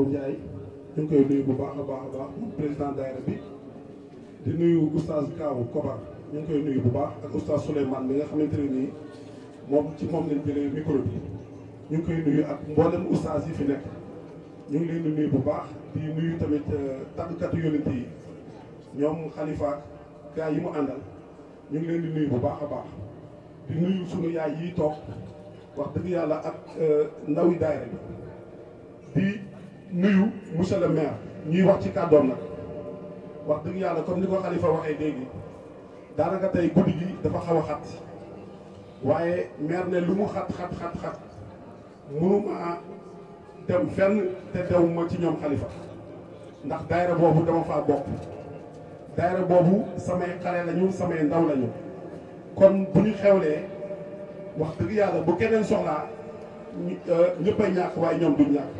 Sow Ndiaye ñu ngi koy nuyu bu baax a baax a baax président daayira bi di nuyu oustaz Kaawu Kobar ñu ngi koy nuyu bu baax ak oustaz Souleymane bi nga xamante ne nii moom ci moom lañ jëlee micro bi ñu ngi koy nuyu ak mboolem oustaz yi fi nekk ñu ngi leen di nuyu bu baax di nuyu tamit euh, tàggkatu yonent yi ñoom xalifa ak yi mu àndal ñu ngi leen di nuyu bu baax a baax di nuyu sunu yaay yi toog wax dëgg yàlla ak euh, ndawi daayira bi. nuyu monsieur le maire ñuy wax ci kàddoom nag wax dëgg yàlla comme ni ko xalifa waxee léegi daanaka tey guddi gi dafa xaw a xat waaye maire ne lu mu xat xat xat xat mënuma dem fenn te dewuma ci ñoom xalifa ndax daayira boobu dama faa bokk daayira boobu samay xale lañu samay ndaw lañu kon bu ñu xewlee wax dëgg yàlla bu keneen soxlaa euh, ñëppay ñàkk waaye ñoom duñ ñàkk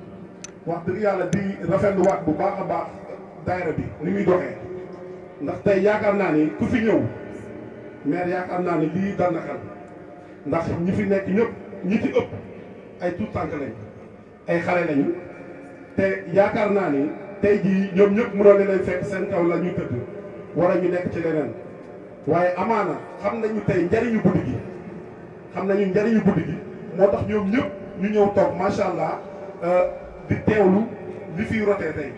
wax dëgg yàlla di rafetlu waat bu baax a baax daayira bi ni muy doxee ndax tey yaakaar naa ni ku fi ñëw maire yaakaar naa ni lii dal na ndax ñi fi nekk ñëpp ñi ci ëpp ay tuut tànk lañ ay xale lañu te yaakaar naa ni tey jii ñoom ñëpp mënoon na leen fekk seen kaw la ñu war wala ñu nekk ci leneen waaye amaana xam nañu tey njariñu guddi gi xam nañu njariñu guddi gi moo tax ñoom ñëpp ñu ñëw toog macha allah. Euh, di teewlu li fiy rotee tey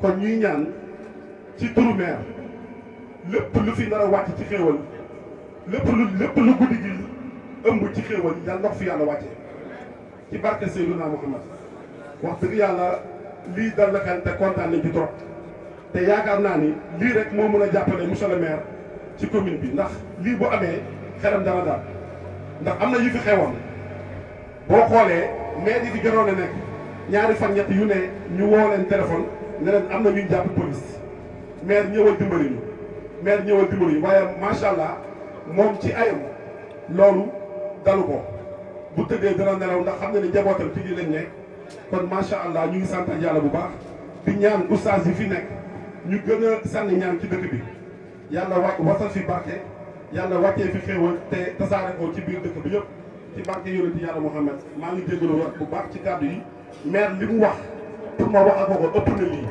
kon ñuy ñaan ci turu meer lépp lu fi nar a wàcc ci xéewal lépp lu lépp lu guddi gi ëmb ci xéewal yàlla ndox fi yàlla wàcce ci barke Seydina Muhammad wax dëgg yàlla lii dal la te kontaan nañ ci trop te yaakaar naa ni lii rek moo mën a jàppale monsieur le maire ci commune bi ndax lii bu amee xelam dana daal ndax am na yu fi xewoon boo xoolee maire yi fi gënoon a nekk ñaari fan ñett yu ne ñu woo leen téléphone ne am na ñu jàpp police maire ñëwa dimbali ñu maire ñëwal dimbali ñu waaye macha allah moom ci ayam loolu dalu ko bu tëddee dana nelaw ndax xam na ne njabootam ci lii lañ nekk kon macha allah ñu ngi sant yàlla bu baax di ñaan oustaz yi fi nekk ñu gën a sànni ñaan ci dëkk bi yàlla wa wasal fi barke yàlla wàccee fi xéewal te tasaare ko ci biir dëkk bi yëpp ci barke yonent yàlla Muhammad maa ngi jégalu bu baax ci kàddu yi. maire li mu wax pour ma wax ak ko ëpp na lii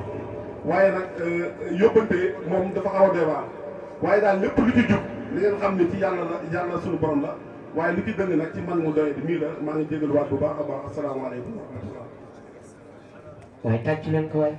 waaye nag euh, yóbbante moom dafa xaw a doy waaye daal lépp lu ci jub li xam ne ci yàlla la yàlla suñu bon la waaye li ci dëng nag ci man mu doy mii la man ngi jégalu waat bu baax a baax asalaamaaleykum wa waaye tàcc leen ko waay.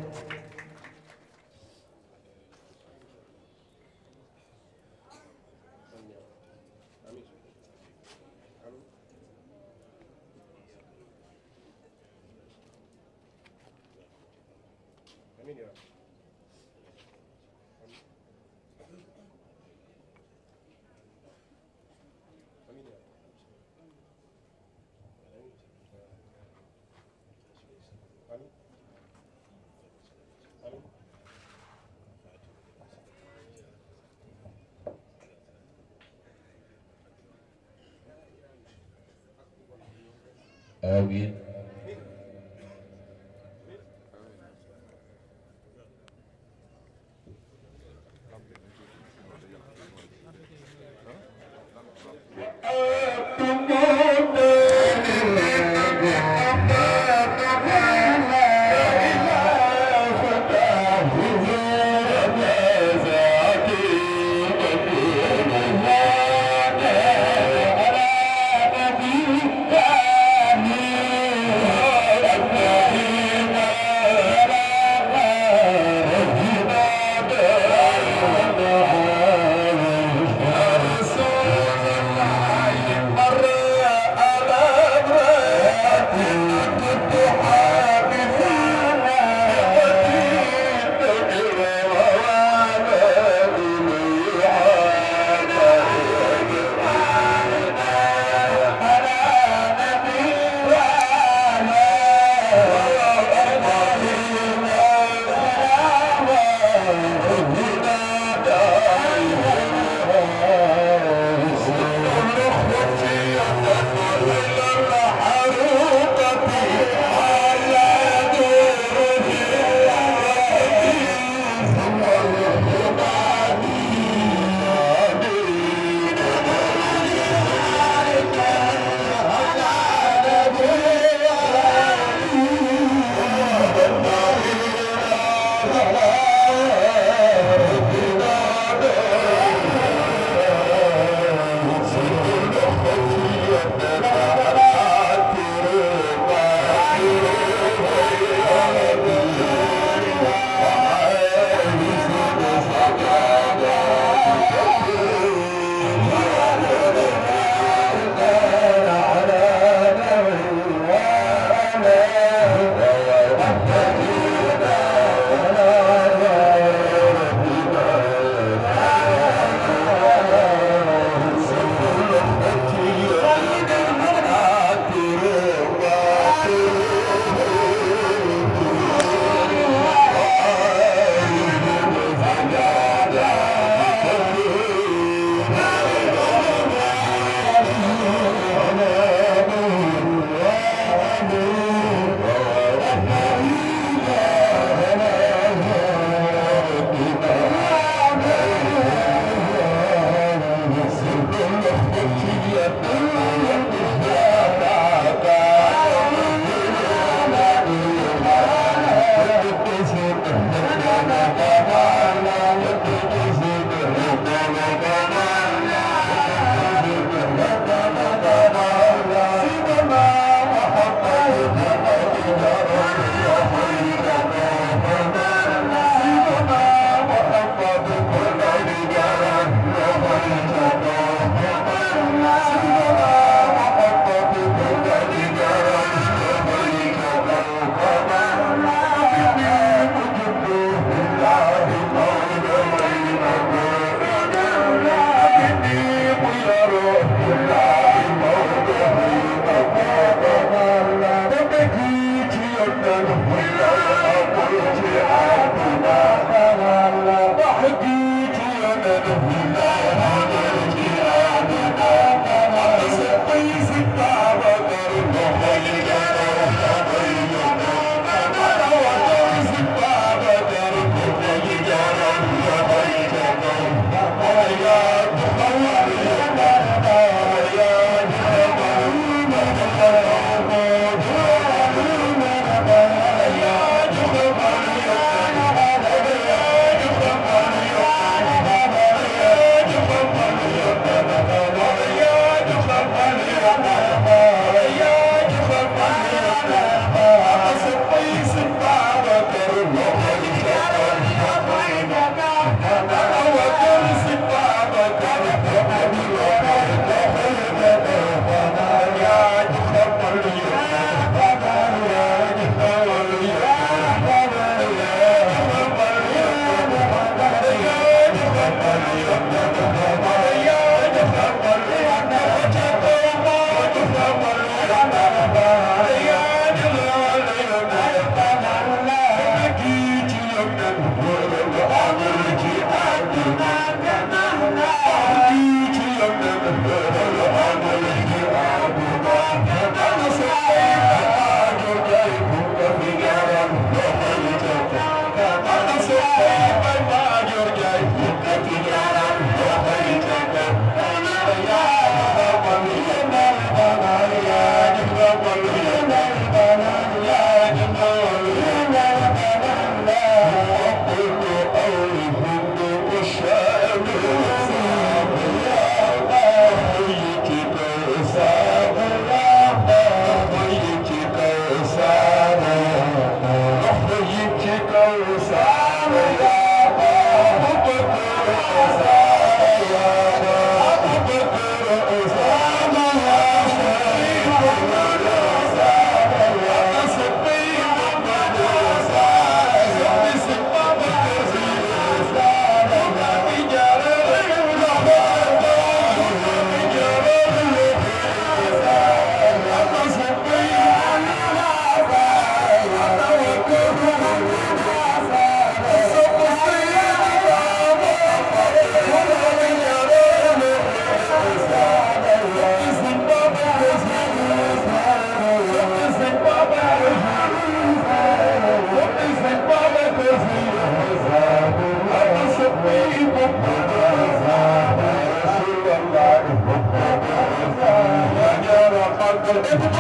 Thank you.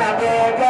Allah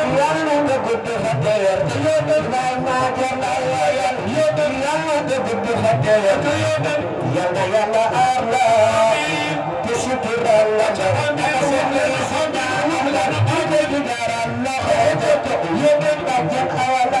Yeah.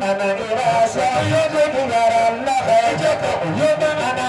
Ana ana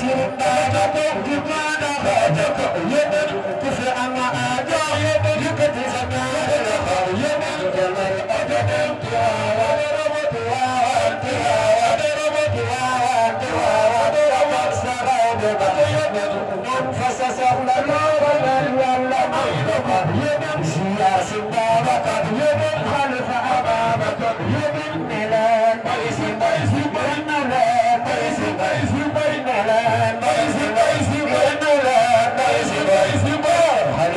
يمشي يا سبابك يمن خلف أمامك يمن إلى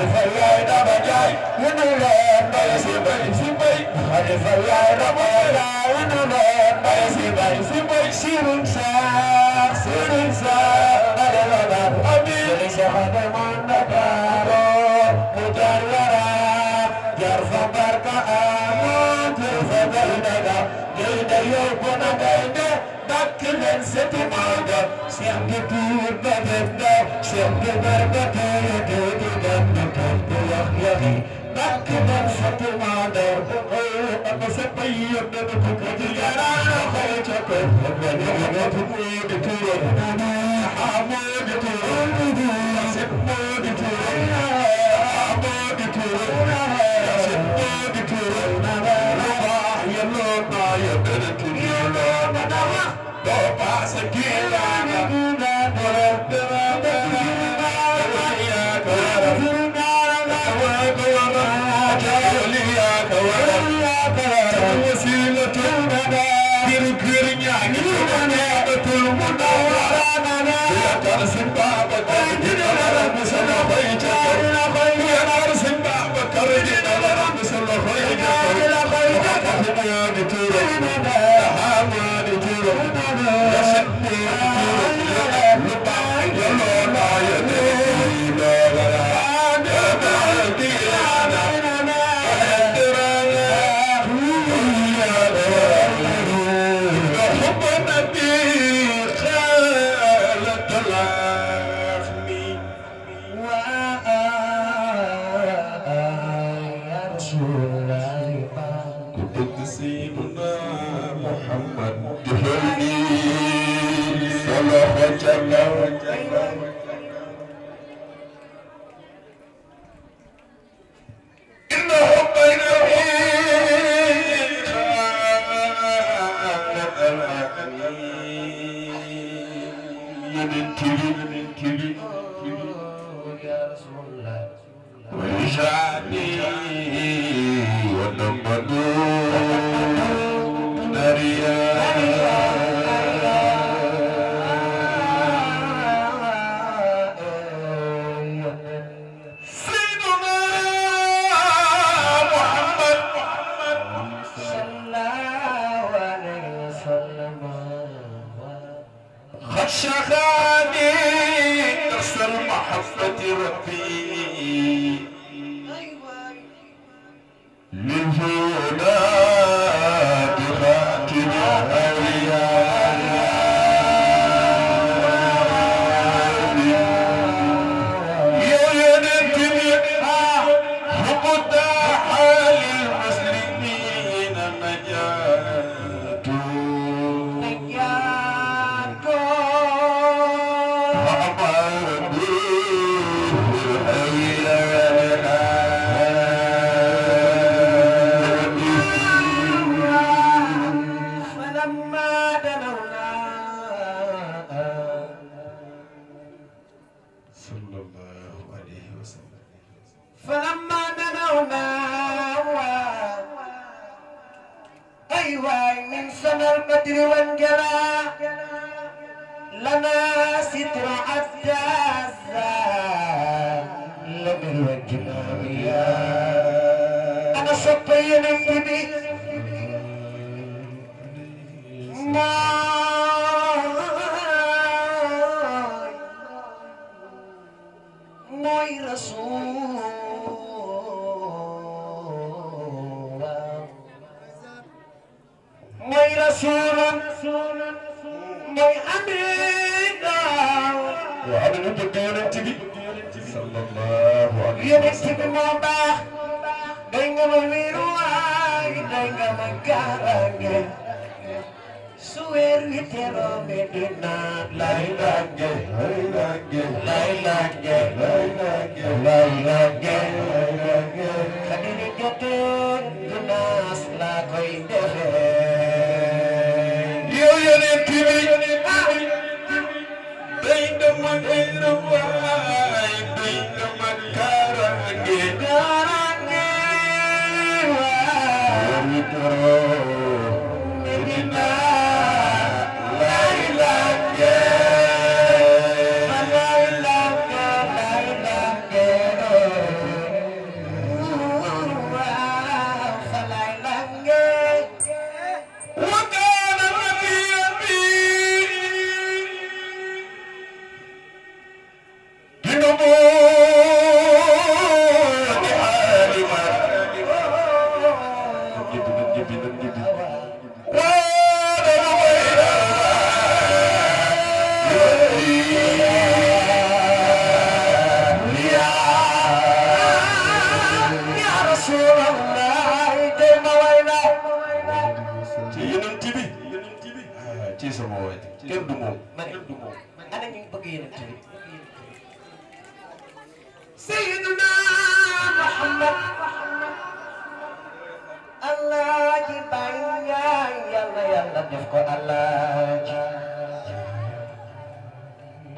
xalifa yaay dama jaay wu nu leen baye si bay si bay xalifa yaay dama jaay wu nu leen baye si bay si bay sirun saar sirun saar ale la daan abi saxa demoon na daaro mu jaar yara jaar fa barka amoon jaar fa daldaga ngay da yóbbu na ngay de dakk leen seti maaga seen di tuur ba def da seen di barka tuur I'm gonna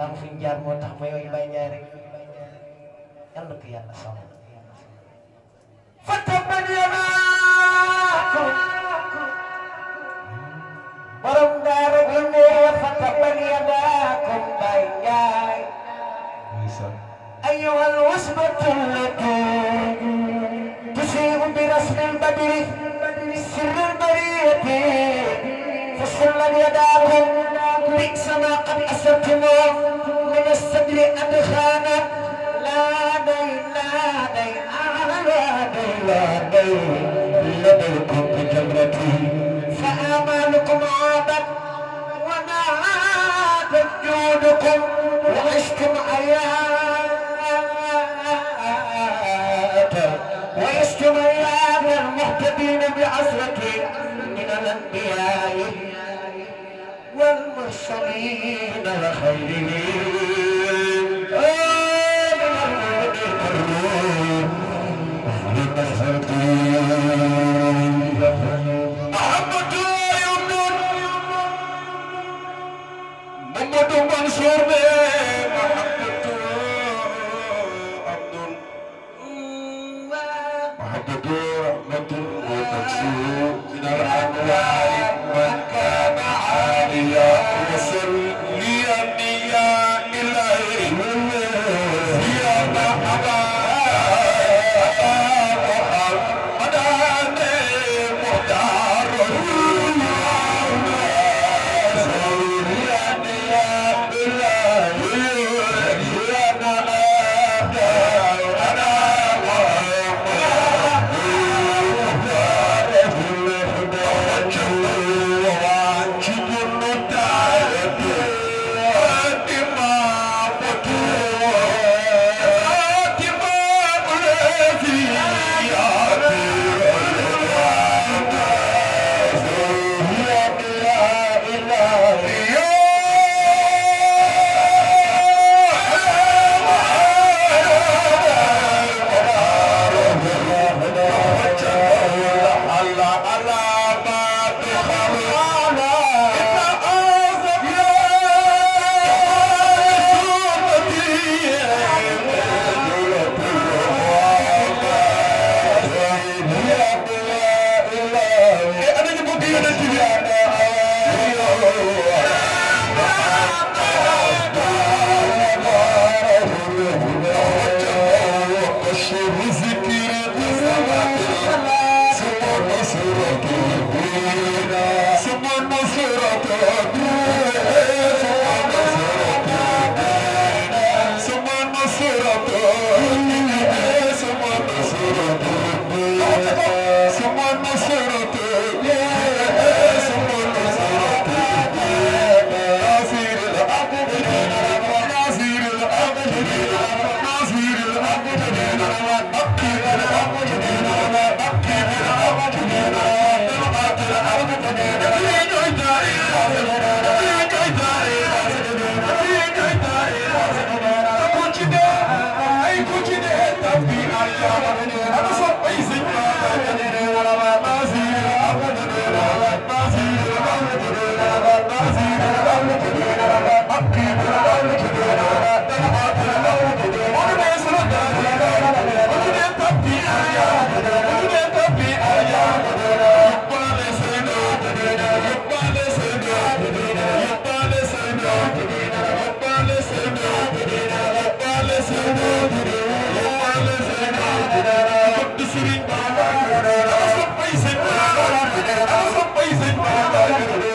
kamu pinjar motor mewah banyak yang lebih yang sama Fatapa dia aku Barum dari bini Fatapa dia aku banyak Ayo halus betul lagi Tusimu biras dan badiri Sirir dari hati Fasulah dia aku وبئس قد أسرتموه من السبل أدخانا لا دي لا دي لا دي لا دي لديكم بجمرتي عادت جودكم وعشتم أيام المرسلين وخير Thank you.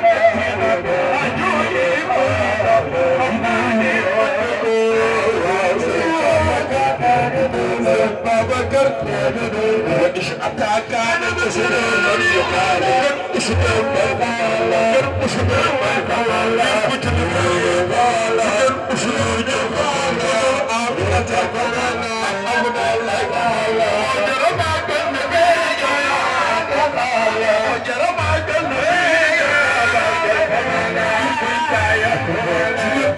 Get up!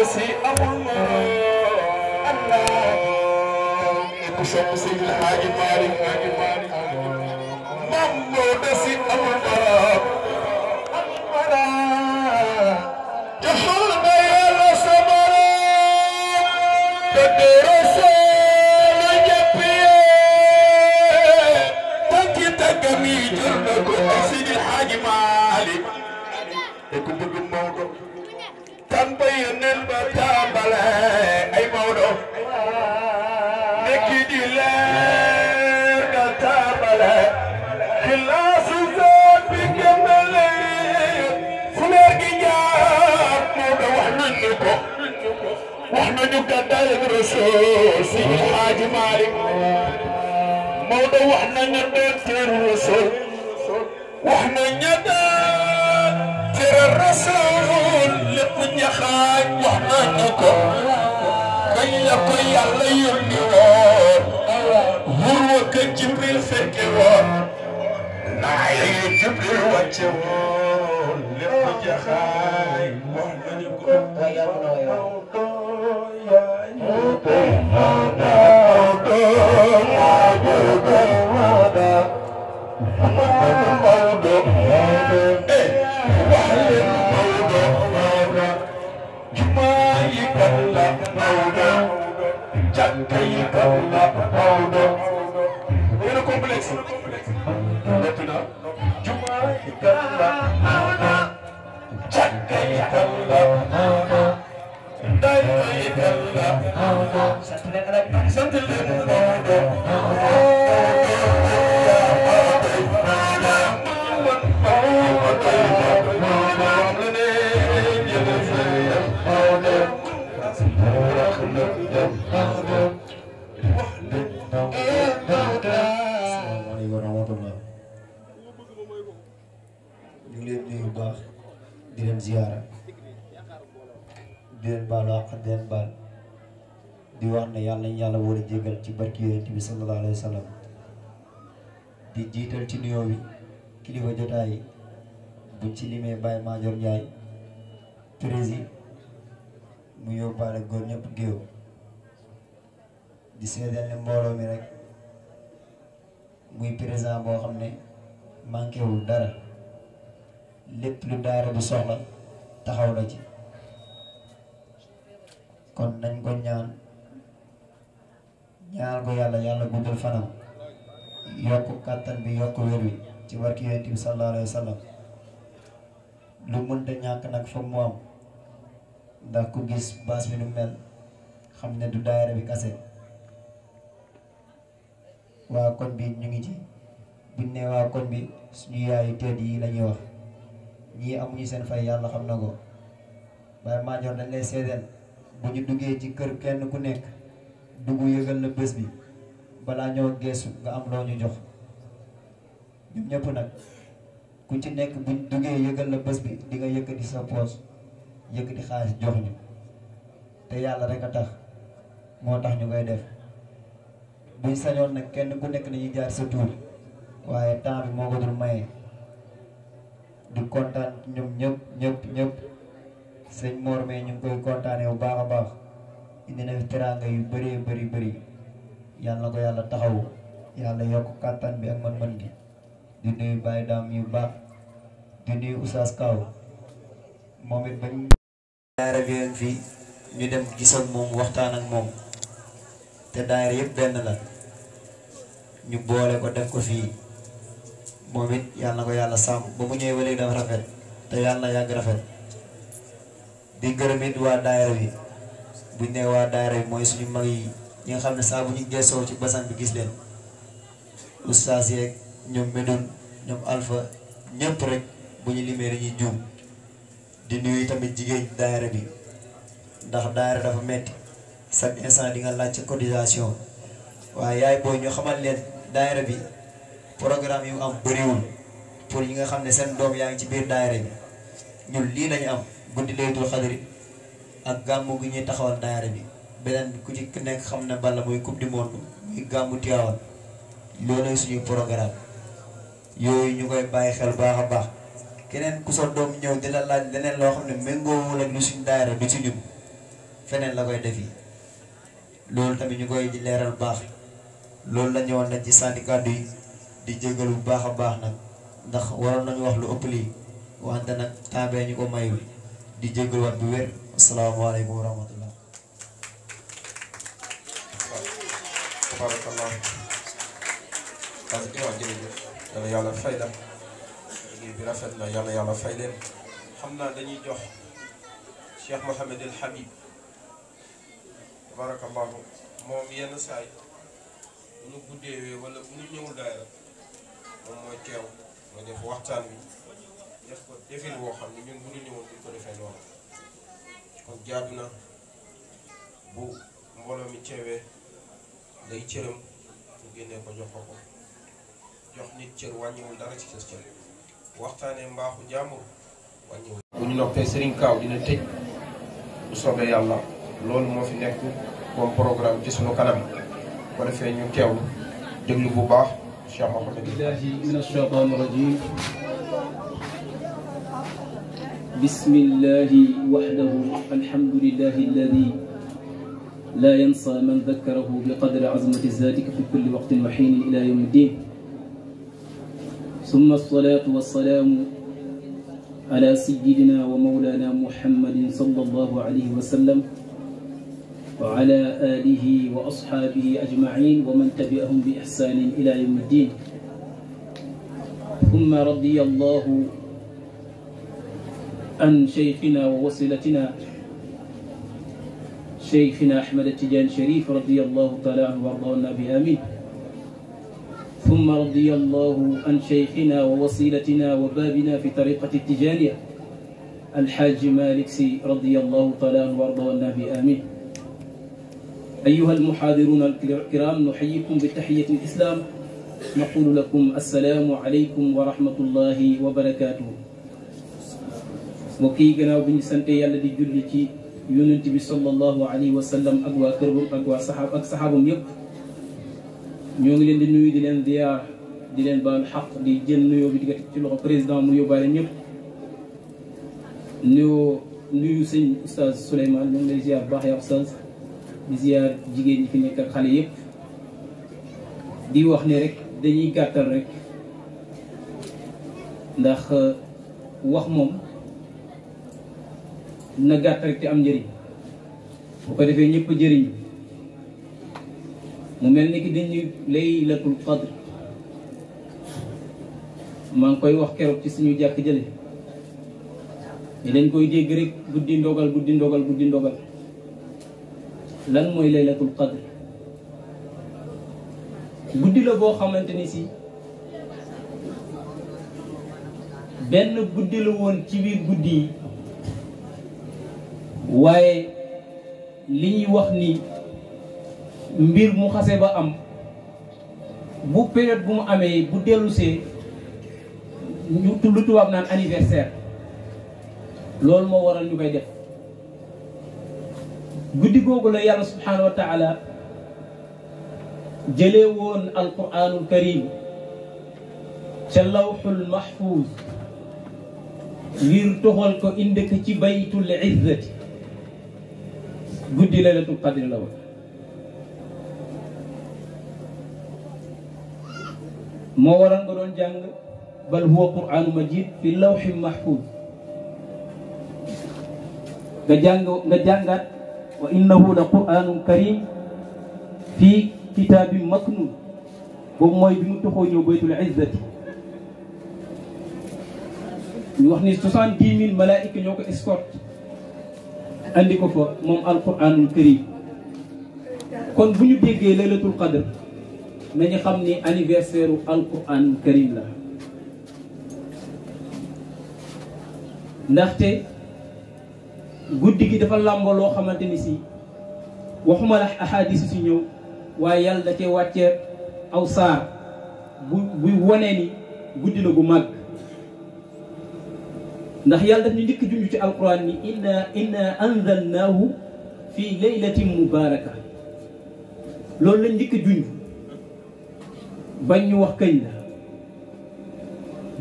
الذي أمر الله شمس الحاج مالك مامو نسي أمر الله Abdoulaye Madior Ndiaye mu yóbbaale góor ñëpp géew di seedeel ne mbooloo mi rek muy président boo xam ne manqué wul dara lépp lu daara bu soxla taxaw la ci kon nañ ko ñaan ñaan ko yàlla yàlla guddal fanam yokk kàttan bi yokk wér wi ci barki yonent bi sallallahu alayhi wa lu mënta ñàkk nag foog mu am ndax ku gis baas bi nu mel xam ne du daayira bi kase waa koñ bi ñu ngi ci buñ ne waa koñ bi suñu yaayu tedd yi la wax ñii amuñu seen fay yàlla xam na ko waaye maa jox dañ lay seedeel bu ñu duggee ci kër kenn ku nekk dugg yëgal la bés bi balaa ñoo geesu nga am loo ñu jox ñun ñëpp nag ku ci nek bu duggee yëgal la bëss bi di nga yëkëti sa poos yëkëti xaaliss jox ñu te yalla rek tax mo tax ñu koy def buñ sañoon nak kenn ku nek nañu jaar sa tour waye temps bi moko dul maye di contane ñoom ñëpp ñëpp ñëpp señ Mor mais ñu koy contane bu baaxa baax indi na teranga yu bëree bëri bëri yalla na ko yàlla taxawu yàlla yokk bi ak man man gi. di nuyu Baye Dame baax di nuyu Kaw moom it bañ daara bi yoon fii ñu dem gis moom waxtaan ak moom te daara yëpp benn la ñu boole ko def ko fii moom it yàlla na ko yàlla sàmm ba mu ñëwee ba léegi dafa rafet te yàlla yàgg rafet di gërëm it waa daayira bi bu ñu nee waa daayira bi mooy suñu mag yi ñi nga xam ne saa bu ñu gëstoo ci basan bi gis leen oustaz yeeg ñoom Médoune ñoom alfa ñëpp rek bu ñu limee dañuy juum di nuyu tamit jigéen daayira bi ndax daayira dafa metti chaque instant di nga laaj cotisation waaye yaay booy ñu xamal leen daayira bi programme yu am bëriwul pour ñi nga xam ne seen doom yaa ngi ci biir daayira bi ñun lii lañu am guddi laytul xadri ak gàmmu gi ñuy taxawal daayira bi beneen ku ci nekk xam ne bala muy coupe du monde muy gàmmu Tiwaawan loolu suñu programme yooyu ñu koy bàyyi xel baax a baax keneen ku sa doom ñëw di laaj leneen loo xam ne méngoowul ak lu suñ daayira du ci ñun feneen la koy def yi loolu tamit ñu koy leeral baax loolu la ñëwoon nag ci kàddu yi di jégalu bu baax a baax nag ndax waroon nañu wax lu ëpp lii wante nag temps bee ñu ko mayul di jégaluwaat bu wér asalaamaaleykum wa يلا يلا فايلة برفدنا يلا يلا فايلة حمنا دني جوح شيخ محمد الحبيب بارك الله موم ينساي بنو قديه ولا بنو نيو دائرة موم ويكيو ويكيو وقتان بي يفكو تفيل وخام نيو بنو نيو ديكو نفين وانا شكو جابنا بو مولو ميتيوه دايتيرم وجيني كو جوحوكو بسم الله وحده الحمد لله الذي لا ينسى من ذكره بقدر عظمه ذاتك في كل وقت وحين الى يوم الدين ثم الصلاة والسلام على سيدنا ومولانا محمد صلى الله عليه وسلم وعلى آله وأصحابه أجمعين ومن تبعهم بإحسان إلى يوم الدين ثم رضي الله عن شيخنا ووسيلتنا شيخنا أحمد التجان شريف رضي الله تعالى عنه وارضاه النبي آمين ثم رضي الله عن شيخنا ووصيلتنا وبابنا في طريقة التجانية الحاج مالك سي رضي الله تعالى عنه وارضاه النبي آمين أيها المحاضرون الكرام نحييكم بتحية الإسلام نقول لكم السلام عليكم ورحمة الله وبركاته وكي جناب سنتي الذي جلتي يونتي بصلى صلى الله عليه وسلم أقوى كرب أقوى صحاب أقوى صحاب يبقى ñoo ngi leen di nuyu di leen ziar di leen baal xaq di jël nuyoo bi di ko teg ci loxo président mu yóbbaale ñëpp nuyoo nuyu sëñ oustaz Souleymane ñoo ngi lay ziar baax yaa oustaz di ziar jigéen ñi fi nekk ak xale yëpp di wax ne rek dañuy gàttal rek ndax wax moom na gàtt rek te am njëriñ bu ko defee ñëpp jëriñ mu mel ni ki dañuy laylatul qadr maa ngi koy wax keroog ci suñu jàkk jële ñu dañ koy dégg rek guddi ndogal guddi ndogal guddi ndogal lan mooy laylatul qadr guddi la boo xamante ni si benn guddi la woon ci biir guddi yi waaye li ñuy wax ni mbir mu xasse ba am bu période bu mu amé bu délousé ñu lu tubaab naan anniversaire lool mo waral ñu koy def guddi googu la yàlla subhanahu wa taala jele won alquran karim ca lawxul mahfuz ngir toxol ko indi ci baytul izzati guddi la laylatul qadri la woon moo waral nga doon jàng bal huwa qur'aanu majid fi lawxin mahfuz nga jàng nga jàngat wa innahu la qur'aanun karim fii kitaabin maknun boobu mooy bi mu toxoo ñëw baytul izzati ñu ni soixante-dix mille malaayika ñoo ko escorte andi ko fa moom alquraanul karim kon bu ñu déggee laylatul qadr nañu xam ni anniversaire u alquran karim la ndaxte guddi gi dafa làmbo loo xamante ni si waxuma la ahadis si ñëw waaye yàlla da cee wàccee aw saar bu buy wonee ni guddi la gu màgg ndax yàlla daf ñu njëkk junj ci alquran ni inna inna anzalnaahu fi laylatin mubaraka loolu lañ njëkk junj bañ wax kañ la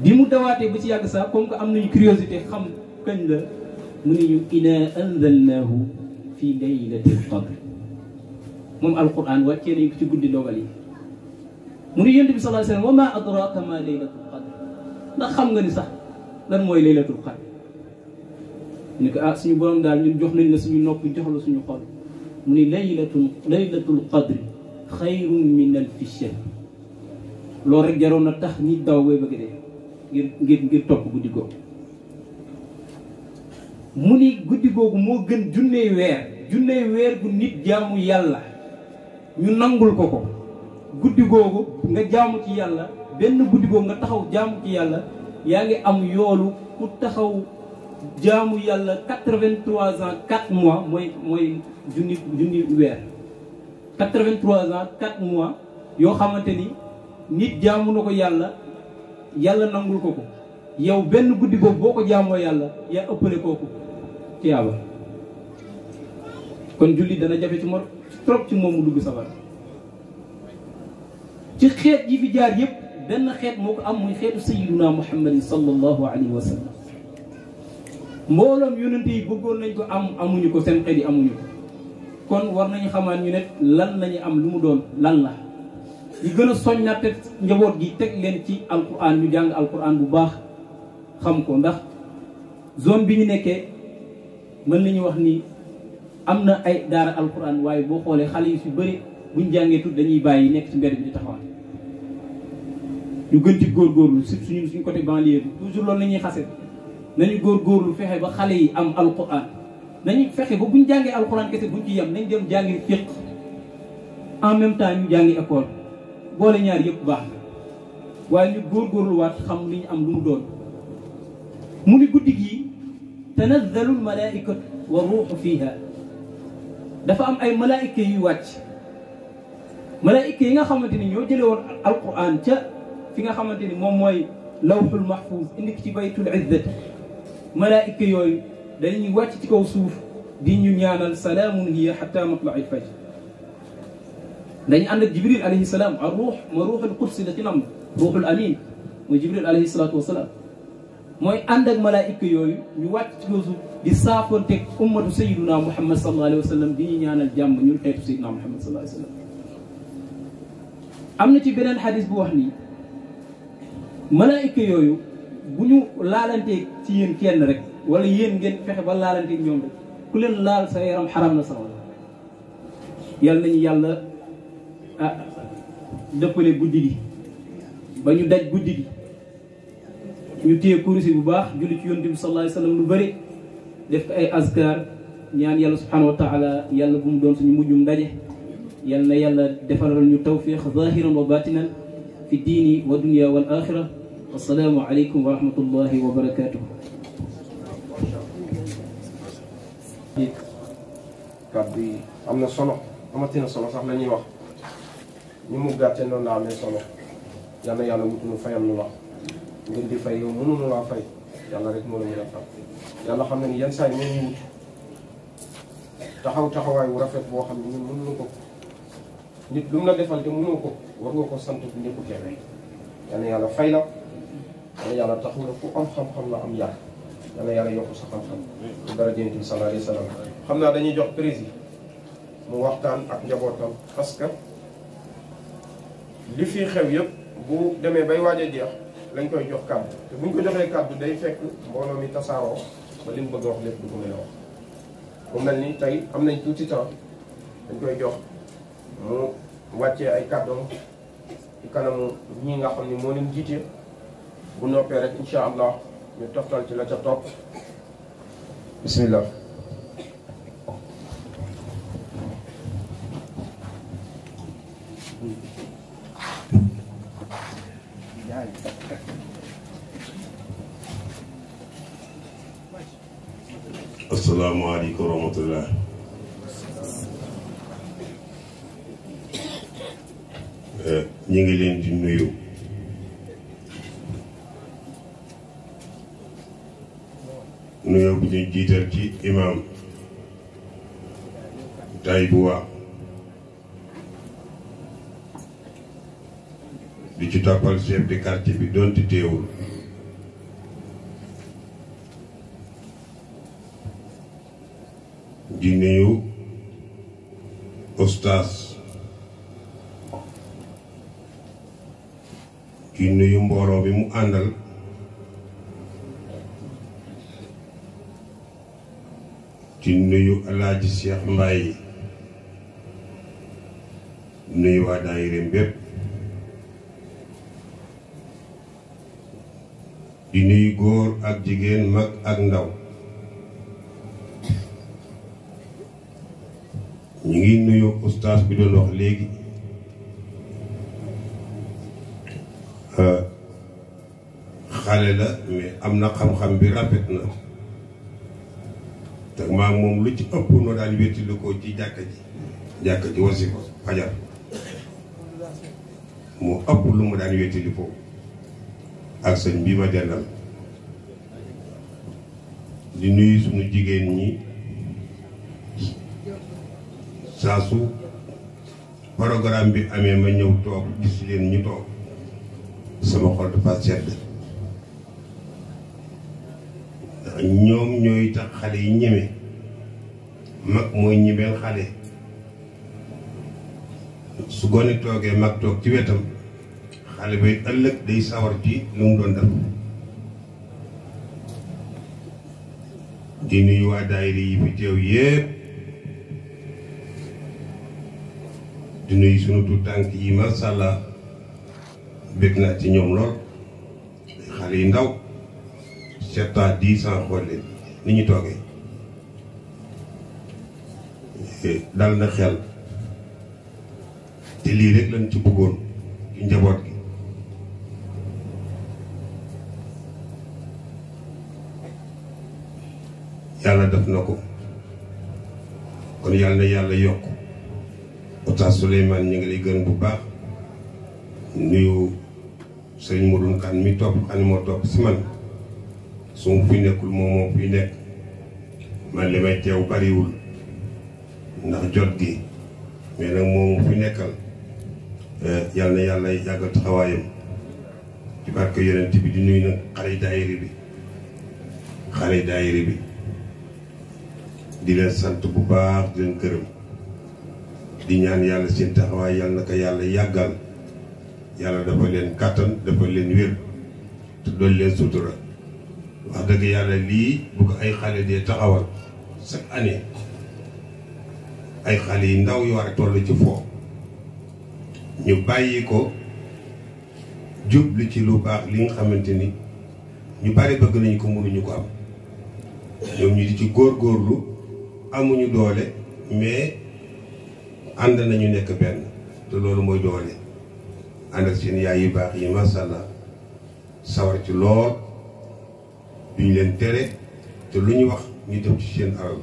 bi mu dawaté bu ci yag sa comme que am nañu curiosité xam kañ la mu ñu ina anzalnahu fi laylatil qadr moom alquran wàccee nañ ko ci guddi dogal yi mu ñu yëndu bi sallallahu alayhi wa sallam wa ma adraka ma laylatul qadr da xam nga ni sax lan mooy laylatul qadr ni ko ah suñu borom daal ñun jox nañ la suñu nopp jox la suñu xol mu ni laylatul laylatul qadr khayrun min alfi shahr loolu rek jaroon na tax nit daw bay bëgg dee ngir ngir topp guddi googu mu ni guddi googu moo gën junney weer junney weer gu nit jaamu yàlla ñu nangul ko ko guddi googu nga jaamu ci yàlla benn guddi googu nga taxaw jaamu ci yàlla yaa ngi am yoolu ku taxaw jaamu yàlla quatre-vingt-trois ans quatre mois mooy mooy junni junni weer quatre-vingt-trois ans quatre mois yoo xamante ni nit jaamu na ko yàlla yàlla nangu ko ko yow benn guddi boobu boo ko jaamoo yàlla yaa ëppale kooku tiyaaba kon julli dana jafe ci mor trop ci moom mu dugg safara ci xeet yi fi jaar yëpp benn xeet moo ko am muy xeetu sayyiduna muhammadin sallallahu alayhi wa sallam mbooloom yonente yi bëggoon nañ ko am amuñu ko seen xeet yi amuñu ko kon war nañu xamaan ñu ne lan lañu am lu mu doon lan la li gën a soññaate njaboot gi teg leen ci alquran ñu jàng alquran bu baax xam ko ndax zone bi ñu nekkee mën nañu wax ni am na ay daara alquran waaye boo xoolee xale yi su bëri buñ jàngee tut dañuy bàyyi nekk ci mbedd bi di taxawal ñu gën ci góorgóorlu surtout suñu suñ côté banlieue bi toujours loolu la ñuy xase nañu góorgóorlu fexe ba xale yi am alquran nañu fexe ba buñ jàngee alquran kese buñ ci yem nañ dem jàngi fiq en même temps ñu jàngi école boole ñaar yëpp baax na waaye ñu góor góorgóorluwaat xam li ñu am lu mu doon mu ni guddi gii tanazzalu almalaikatu wa ruuxu fiha dafa am ay malaayika yu wàcc malaayika yi nga xamante ni ñoo jële woon alquran ca fi nga xamante ni moom mooy lawxul mahfuz indi ci baytul izzat malaayika yooyu dañuy wàcc ci kaw suuf di ñu ñaanal salaamun hiya xata matlail fajr dañu ànd ak jibril alayhi salaam ak ruux mooy ruuxul qudsi da ci nam ruuxul mooy jibril alayhi salaatu wasalaam mooy ànd ak malaayika yooyu ñu wàcc ci kaw suuf di saafoonteeg ummatu sayyiduna muhammad sallallahu alayhi wa sallam di ñu ñaanal jàmm ñun xeetu sayyiduna muhammad sallallahu am na ci beneen xadis bu wax nii malaayika yooyu bu ñu laalanteeg ci yéen kenn rek wala yéen ngeen fexe ba laalanteeg ñoom rek ku leen laal sa yaram xaram na sa wala yàlla nañu yàlla dëppale guddi gi ba ñu daj guddi gi ñu téye kursi bu baax julli ci yonent bi sallallahu alayhi wasallam lu bëri def ko ay azkar ñaan yàlla subhanahu wa taala yàlla bu mu doon suñu mujjum ndaje yal na yàlla defaral ñu tawfiq zahiran wa batinan fi diini wa dunya wal axira assalaamu aleykum wa rahmatullahi wa barakatuh kàddu yi am na solo amatina solo sax la ñuy wax ni mu gàtte noonu la amee solo yal na yàlla wut nu fayal nu la ngeen di fay yow mënu nu laa fay yàlla rek moo la mën a fay yàlla xam ne ni yan saa yi ñu wut taxaw taxawaay wu rafet boo xam ne ñun mënuñu ko nit lu mu la defal te mënoo ko war nga ko sant bu njëkku teewee yal na yàlla fay la yal na yàlla taxaw la ku am xam-xam la am yar yal na yàlla yokk sa xam-xam bu dara jënd bi sallallahu alayhi wa sallam xam naa dañuy jox prési mu waxtaan ak njabootam parce que li fii xew yëpp bu demee bay waaj a jeex lañ koy jox kàddu te buñ ko joxee kàddu day fekk mbooloo mi tasaaroo ba li mu bëgg a wax lépp du ko mën a wax mu mel ni tey am nañ tuuti temps dañ koy jox mu wàccee ay kàddoom kanamu ñi nga xam ni moo leen jiite bu noppee rek incha allah ñu toftal ci la ca topp bismillah asalaamualeykum wa rahmatullah eh, ñu ngi leen di nuyu nuyoo bu ñu jiital ci imaam Taybuwa di ci toppal chef de quartier bi doonti teewul di nuyu oustaz di nuyu mbooloo bi mu àndal di nuyu alaaji Cheikh Mbaye nuyu waa daayira bépp di nuyu góor ak jigéen mag ak ndaw ñu ngi nuyu ustaas bi doon wax léegi euh, xale la mais am na xam-xam bi rafet na te maa moom lu ci ëpp noo daan wéttilu ko ci jàkka ji jàkka ji wasi ko fajar ëpp lu mu daan wéttilu ak sëñ bi ma dendal di nuyu suñu jigéen ñi saa su programme bi amee ma ñëw toog gis leen ñu toog sama xol dafa sedd ñoom ñooy tax xale yi ñeme mag mooy ñemeel xale su gone toogee mag toog ci wetam xale bay ëllëg day sawar ci lu doon def di nuyu waa daayira yi fi teew yépp di nuyu sunu tànk yi macha allah bëgg naa ci ñoom lool xale yi ndaw sept ans dix ans xool leen ni ñu toogee eh, dal na xel te lii rek lañ ci bëggoon ci njaboot gi yàlla def na ko kon yàlla na yàlla yokk Oustaz Souleymane ñu ngi lay gën bu baax nuyu sëñ Modou Kane mi topp xam ne moo topp si man su ma fi nekkul moom moo fi nekk man li may teew bariwul ndax jot gi mais nag moom fi nekkal eh, yàlla na yàlla yàggal taxawaayam ci barke yonent bi di nuyu nag xale daayiri bi xale daayiri bi di leen sant bu baax di leen gërëm. di ñaan yàlla seen taxawaay yàlla na ko yàlla yàggal yàlla dafa leen kàttan dafa leen wér te doon leen sutura wax dëgg yàlla lii bu ko ay xale dee taxawal chaque année ay xale yi ndaw yu war a toll ci foo ñu bàyyi ko jublu ci lu baax li nga xamante ni ñu bari bëgg nañu ko mënuñu ko am ñoom ñu di ci góorgóorlu amuñu doole mais ànd nañu nek ben te loolu moy doole andal seen yaay yu bax yi sha allah sawar ci lool biñu len tere te luñu wax ñu dem ci seen alal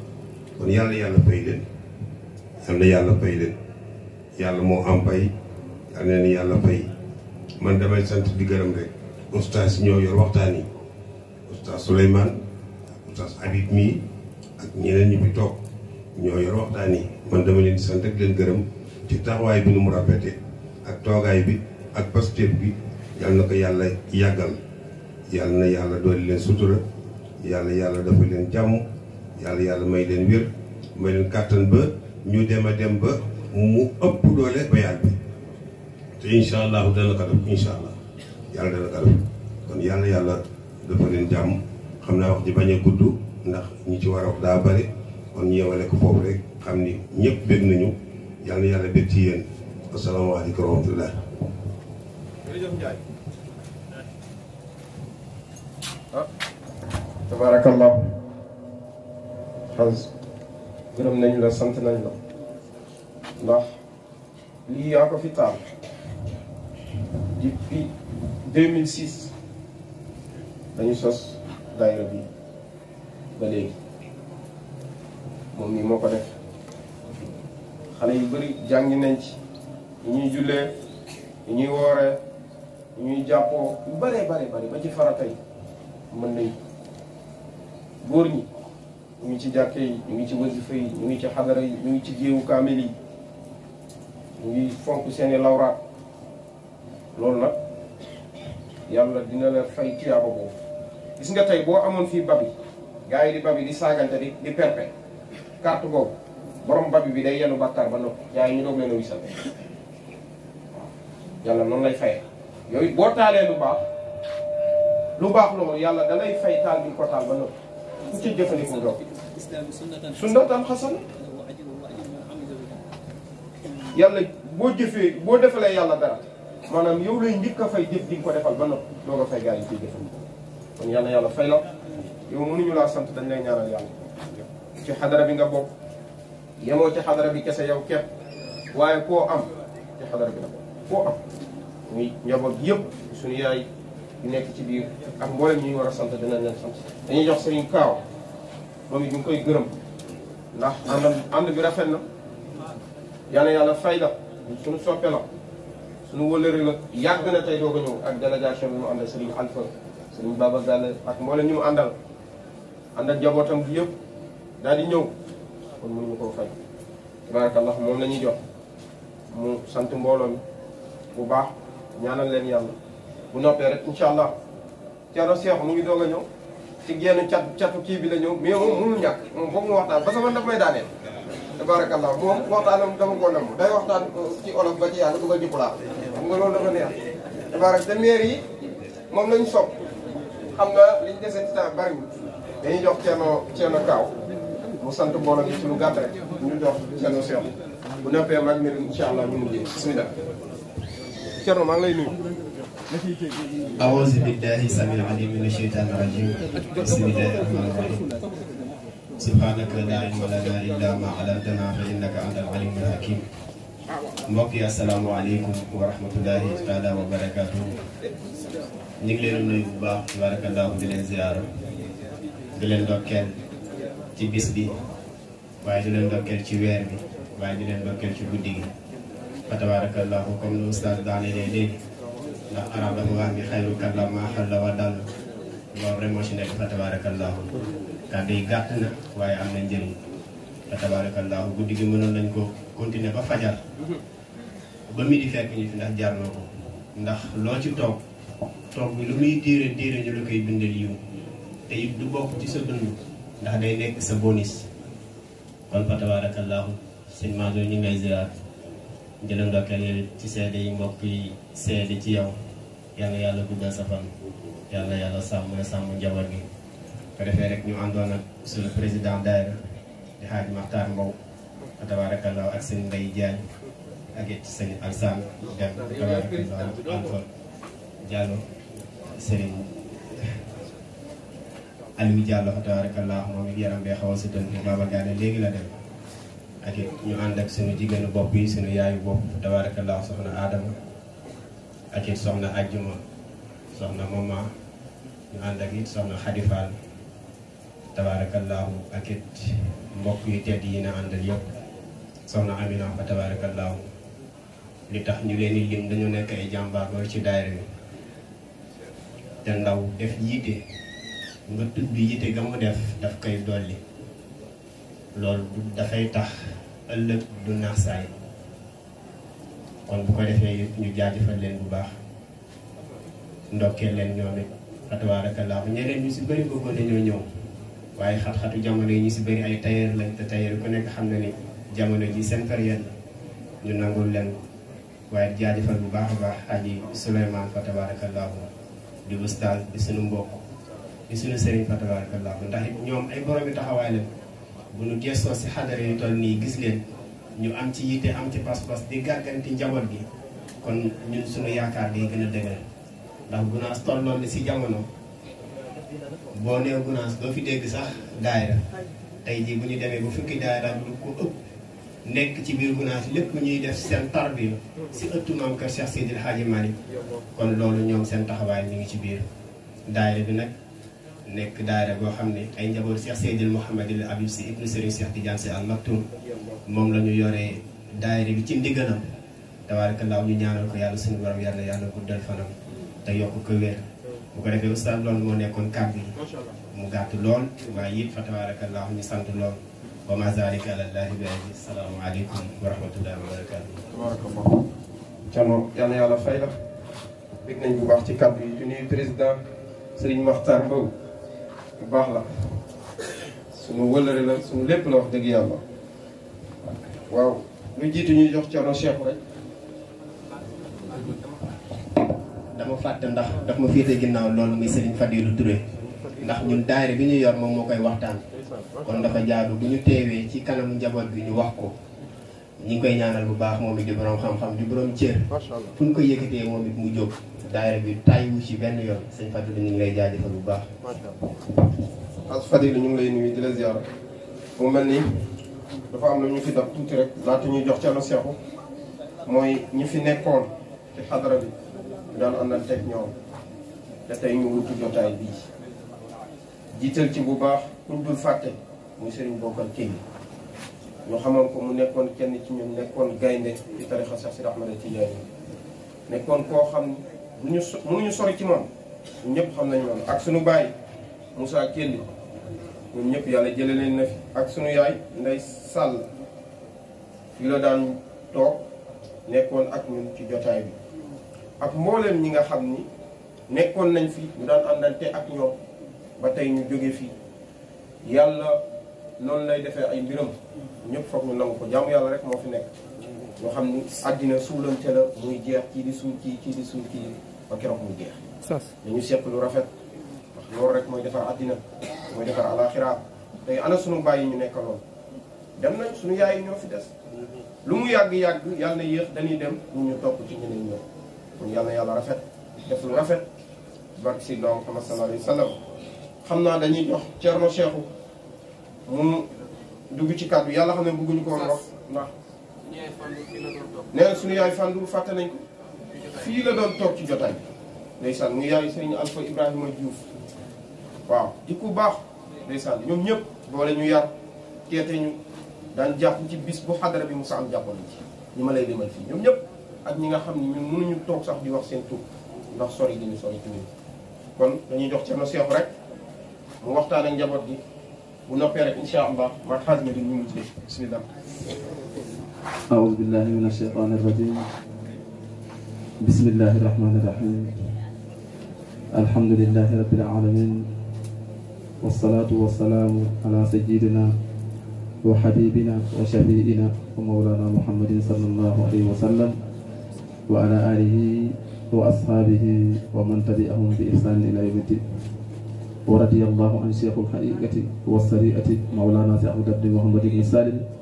kon yalla yalla fay leen yàlla yalla fay leen yalla mo am bay yàlla na yàlla fay man damay sant di gërëm rek oustaz ñoo yor waxtani oustaz Souleymane oustaz Habib mi ak ñeneen ñu fi tok ñoo yor waxtani man dama leen sant ak leen gërëm ci taxawaay bi nu mu rafete ak toogaay bi ak pasteur bi yàlla na ko yàlla yàggal yàlla na yàlla dooli leen sutura yàlla yàlla dafa leen jàmm yàlla yàlla may leen wér may leen kàttan ba ñu dem a dem ba mu ëpp doole bayaan bi te incha allahu kon yàlla yàlla dafa leen jàmm xam naa wax ci bañ a gudd ndax ñu ci war a wax daa bëri kon ñu yemale ko foofu rek xam ni ñëpp bég nañu yàlla na yàlla bég ci yéen asalaamaaleykum wa rahmatulah. ah tabaarakallah Xaas gërëm nañ la sant nañ la ndax lii yaa ko fi taal depuis 2006 dañu sos daayira bi ba léegi moom mii moo ko def. xale yu bëri jàng nañ ci yu ñuy jullee yu ñuy wooree yu ñuy jàppoo yu bëree bëri bëri ba ci farata mën nañ góor ñi ñu ngi ci jàkke yi ñu ngi ci wasifa yi ñu ngi ci xadara yi ñu ngi ci géewu kaamil yi ñu ngi fonk seeni lawraat loolu nag yàlla dina la fay tiyaaba boobu gis nga tey boo amoon fii babi gars yi di babi di saagante di di perpe boobu borom bab bi day yenu bàkkaar ba noppi yaa ñu doog leen a wisal yàlla noonu lay fayee yooyu boo taalee lu baax lu baax loolu yàlla da fay taal ko taal ba noppi ku ci jëfandikoo ndox sunnatan boo jëfee boo defalee yàlla dara maanaam yow lay njëkk a fay jëf di ko defal ba noppi doog yi ciy jëfandikoo kon yàlla fay la yow mënuñu laa sant dañ lay ñaanal yàlla ci xadara bi nga bokk yemoo ci xadara bi kese yow képp waaye koo am ci xadara bi la ko am njaboot yëpp suñu yaay yu nekk ci biir ak mboolem ñu war a sant dinañ leen sant dañuy jox Serigne Kaaw moom it ñu ngi koy gërëm ndax ànd ànd bi rafet na yàlla yàlla fay sunu suñu soppe la suñu wëlëri la yàgg na tey doog a ñëw ak délégation bi mu àndal Serigne Alpha Serigne Baba ak mboolem ñu mu àndal ànd ak njabootam bi yëpp daal ñëw kon mën nga koo fay tabarakallah moom la ñuy jox mu sant mbooloon bu baax ñaanal leen yàlla bu noppee rek incha allah Thierno Cheikh mu ngi doog a ñëw ci genn cat catu kii bi la ñëw mais mu mënul ñàkk moom foog mu waxtaan parce que man daf may daaneel tabarakallah moom waxtaanam dama ko nam day waxtaan euh, ci olof ba ci yàlla dugal ci pulaar nga loolu dafa neex tabarak te maire yi moom lañ sopp xam nga liñ dese ci temps bariwul dañuy jox Thierno Thierno Kaaw mu sant mbooloo bi ci lu gàtt rek ñu dox seen seex bu noppee mag mi incha allah ñu mujjee bismillah Cerno maa ngi lay nuyu أعوذ بالله السميع العليم من الشيطان الرجيم بسم الله الرحمن الرحيم سبحانك لا علم لنا إلا ما علمتنا فإنك أنت العليم الحكيم taala wa barakaatu ñu ngi leen nuyu bu baax barakallahu ci bis bi waaye di leen ndokkeel ci weer bi waaye di leen ndokkeel ci guddi gi fa tabarakallahu comme lu ustaas daane ne léegi ndax arab dafa wax ni xayru kàllaam maa xalla wa dal loolu rek moo ci nekk fa tabarakallahu kàddu yi gàtt na waaye am na njëriñ fa tabarakallahu guddi gi mënoon nañ ko continuer ba fajar ba mi di fekk ñu fi ndax jar na ko ndax loo ci toog toog bi lu muy diire diire ñu la koy bindal yiw te it du bokk ci sa dund ndax day nekk sa bonus kon fa tabaarakallaahu sëñ Maajo ñu ngi lay ziar jëla ndokkeel ci seede yi mbokk yi seede ci yow yàlla yàlla guddal sa fan yàlla yàlla sàmm na sàmm njaboot bi ko defee rek ñu àndoon ak sur le président daayra di xaaj Maxtaar Mbow fa tabaarakallaahu ak sëñ Mbay Jaañ ak it sëñ Alsaan dem fa tabaarakallaahu Alfa Diallo sëriñ Aliou Diallo fa tabaarakallah moom it yaram bee xaw a sëddën bu Baba Gaane léegi la dem ak it ñu ànd ak suñu jigéenu bopp yi suñu yaayu bopp tabaarakallah soxna Adama ak it soxna Ajjuma soxna Mama ñu ànd ak it soxna Xadifaan tabaarakallah ak it mbokk yu tedd yi na àndal yëpp soxna Amina fa tabaarakallah li tax ñu leen di lim dañu nekk ay jàmbaar loolu ci daayira bi te ndaw def yiite. nga tudd yite ga mu def daf koy dolli loolu dafay tax ëllëg du naxsaay kon bu ko defee ñu jaajëfal leen bu baax ndokkee leen ñoom it atabaarakallahu ñeneen ñu si bëri bëggoon nañoo ñëw waaye xat-xatu jamono yi ñu si bëri ay tailleur lañ te tailleur ku nekk xam na ni jamono ji seen période ñu nangul leen waaye jaajëfal bu baax a baax aji Souleymane fa tabaarakallahu di ustaas di mbokk di suñu sëriñ fa tabarakallah ndax ñoom ay borom yi taxawaay leen bu ñu gëstoo si xadara yu toll nii gis leen ñu am ci yitte am ci pas-pas di gàgganti njaboot gi kon ñu suñu yaakaar day gën a dëgëral ndax gunaas tolloon ni si jamono boo nee gunaas doo fi dégg sax daayira tey jii bu ñu demee bu fukki daayira lu ko ëpp nekk ci biir gunaas lépp ñuy def seen tarbiya si ëttu maam kër Cheikh Seydil Hadji Malick kon loolu ñoom seen taxawaay ñu ngi ci biir daayira nekk daara boo xam ne ay njaboot Cheikh Seydil Mouhamed El Habib si ibnu Serigne Cheikh Tidiane si Al Maktoum moom la ñu yoree daayira bi ci ndigalam tabaarakallaa ñu ñaanal ko yàlla suñu borom yàlla yàlla guddal fanam te yokk ko wér bu ko defee oustaz loolu moo nekkoon kàddu yi mu gàtt lool waaye it fa tabaarakallaa ñu sant lool wa ma zalika alallaahi bi aziz salaamu aleykum wa rahmatullahi wa barakatuh cano yàlla yàlla fay la bég nañ bu baax ci kàddu yi du nuyu président bu baax la sunu wëllëre la sunu lépp la wax dëgg yàlla waaw lu jiitu ñuy jox Thierno Cheikh rek dama fàtte ndax daf ma féete ginnaaw loolu muy Serigne lu Touré ndax ñun daayira bi ñu yor moom moo koy waxtaan kon dafa jaadu bu ñu teewee ci kanamu njaboot bi ñu wax ko ñu ngi koy ñaanal bu baax moom it di borom xam-xam di borom cër fu ñu ko yëkkatee moom it mu jóg daayira bi tàyyiwu ci benn yoon sëñ Fadilou ñu ngi lay jaajëfal bu baax. macha allah Fadilou ñu ngi lay nuyu di la ziar mel ni dafa am lu ñu fi dab tuuti rek laata ñuy jox Thierno Cheikhou mooy ñi fi nekkoon ci xadara bi ñu daan àndal teg ñoom te tey ñu wutu jotaay bii jiital ci bu baax kuñ dul fàtte muy Serigne Bokar Kéy ñoo xamoon ko mu nekkoon kenn ci ñu nekkoon gaynde ci tarixa Cheikh Sidi Ahmed Tidiane nekkoon koo xam. ñu mënuñu sori ci moom ñun ñëpp xam nañ moom ak suñu baay Moussa Kelly ñun ñëpp yàlla jële leen na fi ak suñu yaay Ndey Sàll fi la daan toog nekkoon ak ñu ci jotaay bi ak mboolem ñi nga xam ni nekkoon nañ fi ñu daan àndante ak ñoom ba tey ñu jóge fii yàlla noonu lay defee ay mbiram ñëpp foog ñu nangu ko jaamu yàlla rek moo fi nekk nga xam ni àddina suulante la muy jeex kii di suul kii kii di suul kii ba keroog muy jeex. sas dañu seq lu rafet ndax loolu rek mooy defar àddina mooy defar alaxira tey ana sunu bàyyi ñu nekk lool dem nañ suñu yaay yi ñoo fi des. lu mu yàgg yàgg yàlla na yéex dañuy dem ñu ñu topp ci ñeneen ñoom kon yàlla yàlla rafet def lu rafet barke si doom Muhammad sallallahu alayhi wa sallam xam naa dañuy jox Thierno Cheikhou mu dugg ci kàddu yàlla xam ne bëgguñu ko woon nee suñu yaay Fandou fàtte nañ ko fii la doon toog ci jotaay ndeysaan mu yaay Serigne Alpha Ibrahima Diouf waaw di ku baax ndeysaan ñoom ñëpp boole ñu yar teete ñu daan jàpp ci bis bu xadara bi Moussa am jàppoon ci ñi ma lay limal fii ñoom ñëpp ak ñi nga xam ne ñun mënuñu toog sax di wax seen tur ndax sori gi ñu sori ci kon dañuy jox Thierno Cheikh rek mu waxtaan ak njaboot gi bu noppee rek incha allah ma xaaj ma di ñu mujjee bismillah أعوذ بالله من الشيطان الرجيم بسم الله الرحمن الرحيم الحمد لله رب العالمين والصلاة والسلام على سيدنا وحبيبنا وشفيئنا ومولانا محمد صلى الله عليه وسلم وعلى آله وأصحابه ومن تبعهم بإحسان إلى يوم الدين ورضي الله عن شيخ الحقيقة والسريئة مولانا سعود بن محمد بن سالم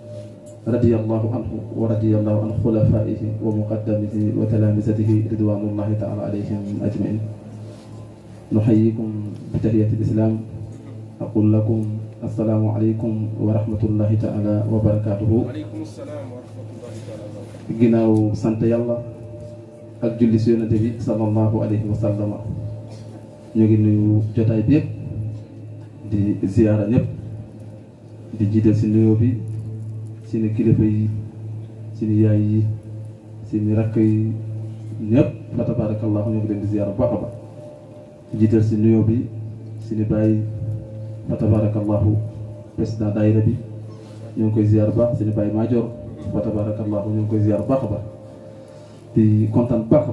رضي الله عنه ورضي الله عن خلفائه ومقدمه وتلامذته رضوان الله تعالى عليهم أجمعين نحييكم بتحية الإسلام أقول لكم السلام عليكم ورحمة الله تعالى وبركاته وعليكم السلام ورحمة الله تعالى وبركاته جناو سنت يلا ak julli si yonente bi sallallahu alayhi wa sallama ñu ngi nuyu دي bi yëpp di ziara seeni kilifa yi seeni yaay yi seeni rakk yi ñëpp fa tabarakallahu ñu ngi leen di ziyaar bu jiital si nuyoo bi seeni bàyyi fa tabarakallahu président daayira bi ñu ngi koy ziyaar ba baax seeni bàyyi maajoor fa ñu ngi koy ziyaar baax a di kontaan bu baax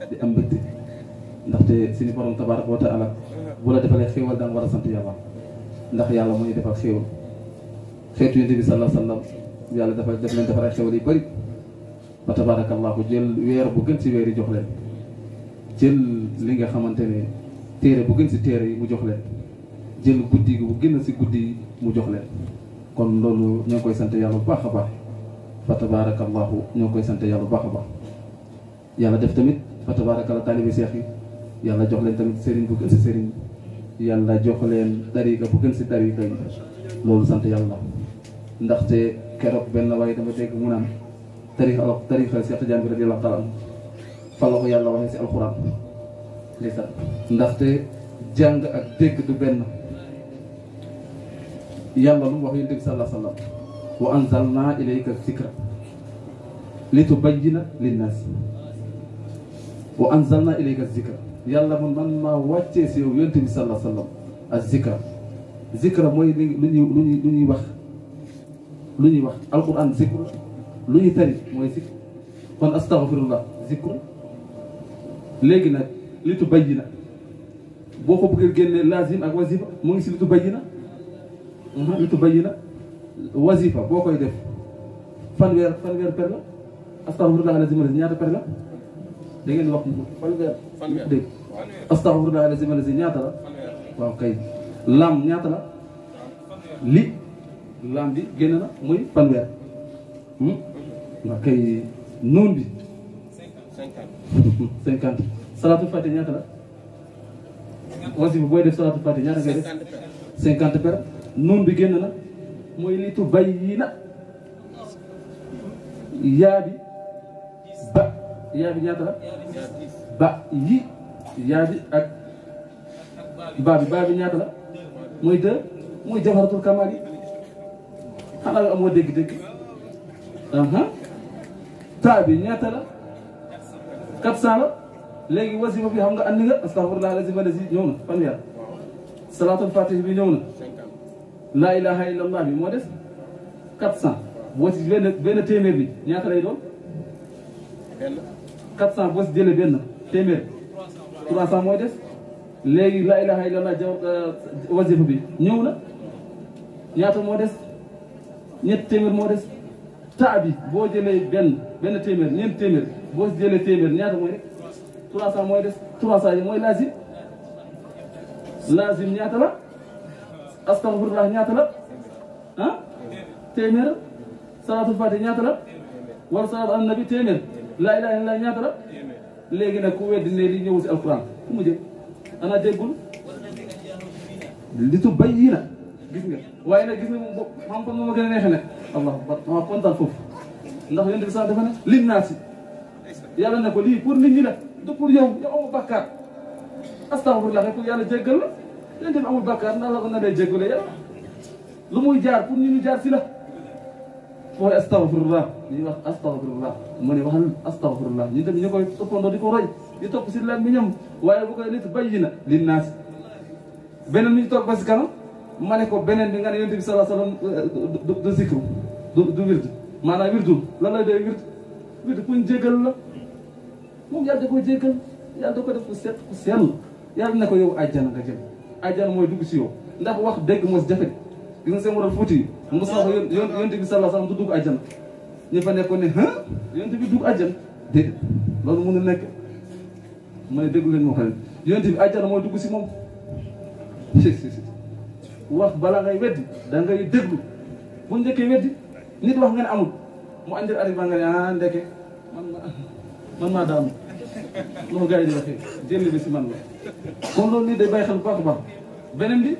a di am mbégte ndaxte suñu borom tabaraka wa taala bu la defalee xéewal da nga war a sant yàlla ndax yàlla moo ñu defal xéewal xeetu yonent bi sallallahu yàlla dafa def leen defar ay xewal yu bëri ba tabaarakallaahu jël weer bu gën si weer yi jox leen jël li nga xamante ne téere bu gën si téere yi mu jox leen jël guddi gën si guddi yi mu jox leen kon loolu ñoo ngi koy sant yàlla bu baax a baax fa tabaarakallaahu ñoo ngi koy sant yàlla bu baax a baax yàlla def tamit fa tabaarakallaahu taalibi seex yi yàlla jox leen tamit sëriñ bu gën si sëriñ yàlla jox leen dariika bu gën si dariika yi loolu sant yàlla ndaxte ben la way dama dégg mu tarikh tarix tarikh fa cheikh jambi radi allah taala fa la ko yàlla waxee si alxuraan ndeysaan ndaxte jang ak deg du ben yalla lu mu wax yonent bi sallallaahu alayhi wa sallam wa anzalnaa ilayka dhikra li tubayyina linnaas wa anzalna ilayka zikra yalla mun man ma wacce ci yentik sallallahu bi sallallaahu alayhi zikra zikra mooy lu ñuy wax lu ñuy wax alquran zikr lu ñuy tari mooy zikr kon astaghfirullah zikr léegi nag li tu bayyi na boo ko bëggee génne lazim ak wazifa mu ngi si li tu bayyi na mhm, li tu bayyi na wazifa boo koy def fanweer fanweer per la astaghfirullah lazim lazim ñaata per la da ngeen wax fanweer dégg astaghfirullah lazim lazim ñaata waaw kay lam ñaata la li lam bi génn na muy fanweer nga hmm? koy noon bi cinquante salaatul fati ñaata la aussi bi booy def salaatul fati ñaata ngay def cinquante per ñaata la ba yi yaa bi ak bi baa bi ñaata la mooy deux mooy jafaratul kamaal xanaa amoo dégg-dégg taa bi ñaata la 400 la léegi wasifa bi xam nga andi nga astaghfirullah lazim alasi ñëw na fanweer salaatul fatih bi ñëw na ilaha illallah bi moo des 400 boo ci benn téeméer bi ñaata lay doon 400 boo ci jëlee benn téeméer 300 mooy des léegi laa ilaha illallah euh, wasifa bi ñëw na ñaata moo ñett téeméer moo taa bi boo jëlee benn benn téeméer ñeent téeméer boo jëlee téeméer ñaata mooy rek 300 mooy des 300 yi mooy lazim lazim ñaata la astaghfirullah ñaata la ah téeméer salatul fati ñaata la war salatu an nabi téeméer laa ilaha illallah ñaata la léegi nag ku weddi ne li ñëwul si alquran ku mu jëm ana déggul li tu bayyina gis nga waaye nag gis nga moom xam allah akbar ma kontaan foofu ndax yonent bi sax dafa ne lim naa si yàlla ne ko lii pour nit ñi la astaghfirullah rek pour yàlla jéggal la yonent bi amul bàkkaar ndax la ko na dee jéggale yàlla lu muy astaghfirullah ñuy wax astaghfirullah mu ne astaghfirullah ñu dem ñu koy toppandoo di ko roy di topp si leen mi ñam waaye bu koy nit bayyi na linnaas beneen mané ko benen bi nga ne yonent sallallahu alayhi wasallam euh, du zikru du du wird maanaam wirdul lan la dee wirdu wird kuñ jéggal la moom yàlla da ko jéggal yalla da ko def ku set ku sell yalla ne ko yow aljana nga jëm aljana moy dugg ci yow ndax wax dégg mo jafe gis nga sama waral fuuti yi mos na ko yonent sallallahu alayhi wasallam du dugg aljana ñi fa nekkoon ne ah yonent bi dugg aljana déedéet lolu mënul nekk ma ne déglu leen moo xam ne yonent bi àjjana mooy dugg ci mom si si si wax bala ngay weddi da ngay déglu bu njëkkee weddi nit wax ngeen ne amul mu andi arrivé nga ne ah ndeke man ma man maa daanu loolu gars yi di waxee jëlli bi si man la kon loolu nit day bàyyi xel bu baax a baax beneen bi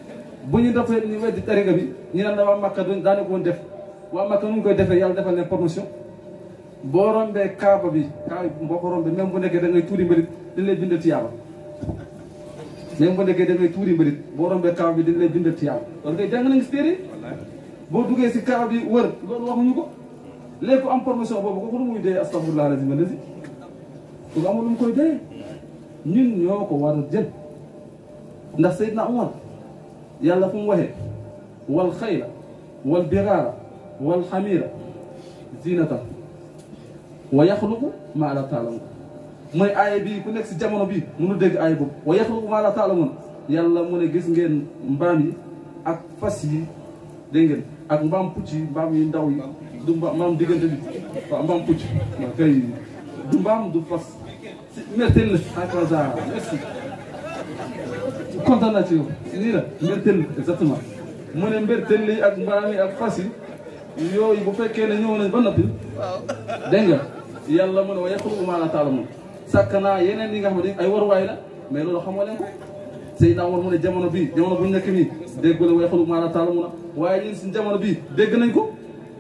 bu ñu dafee ñu weddi tariga bi ñu naan na waa Makka duñ daane ko def waa Makka nu ñu koy defee yàlla defal leen promotion boo rombee kaaba bi kaaba boo ko rombee même bu nekkee da ngay tuuri mbalit dañ lay bindal si yàlla léegi ba déggee da ngay tuuri mbalit boo rombee kaaw bi dañ lay bindal ci yàlla loolu jàng nañu si téere boo duggee si kaaw bi wër loolu waxuñu ko léegi ku am formation boobu ko lu muy dee astafurlah lazim alazi kooku amul lu mu koy dee ñun ñoo ko war a jël ndax Seydina Umar yàlla fu mu waxee wal xayla wal biraara wal xamiira zinatan wa yaxluqu ma la taalamu mooy aaya bi ku nekk si jamono bi mënu dégg aaya boobu wa yaxluqu maa laa taalamuun yàlla mu ne gis ngeen mbaam yi ak fas yi dégg ngeen ak mbaam pucc yi mbaam yi ndaw yi du mbaam diggante bi waaw mbaam pucc waaw du mbaam du fas mertel akaza merci kontaan naa ci yow nii la mertel exactement mu ak mbaam yi ak fas yi yooyu bu fekkee ne ñëw ba noppi dégg nga yàlla mu ne wa yaxluqu maa laa sàkk naa yeneen yi nga xam ne ay waruwaay la mais loolu xamoo leen ko sëy daa war mu ne jamono bii jamono bu nekk nii déggul way xolu maana taalamu na waaye ñun suñu jamono bii dégg nañ ko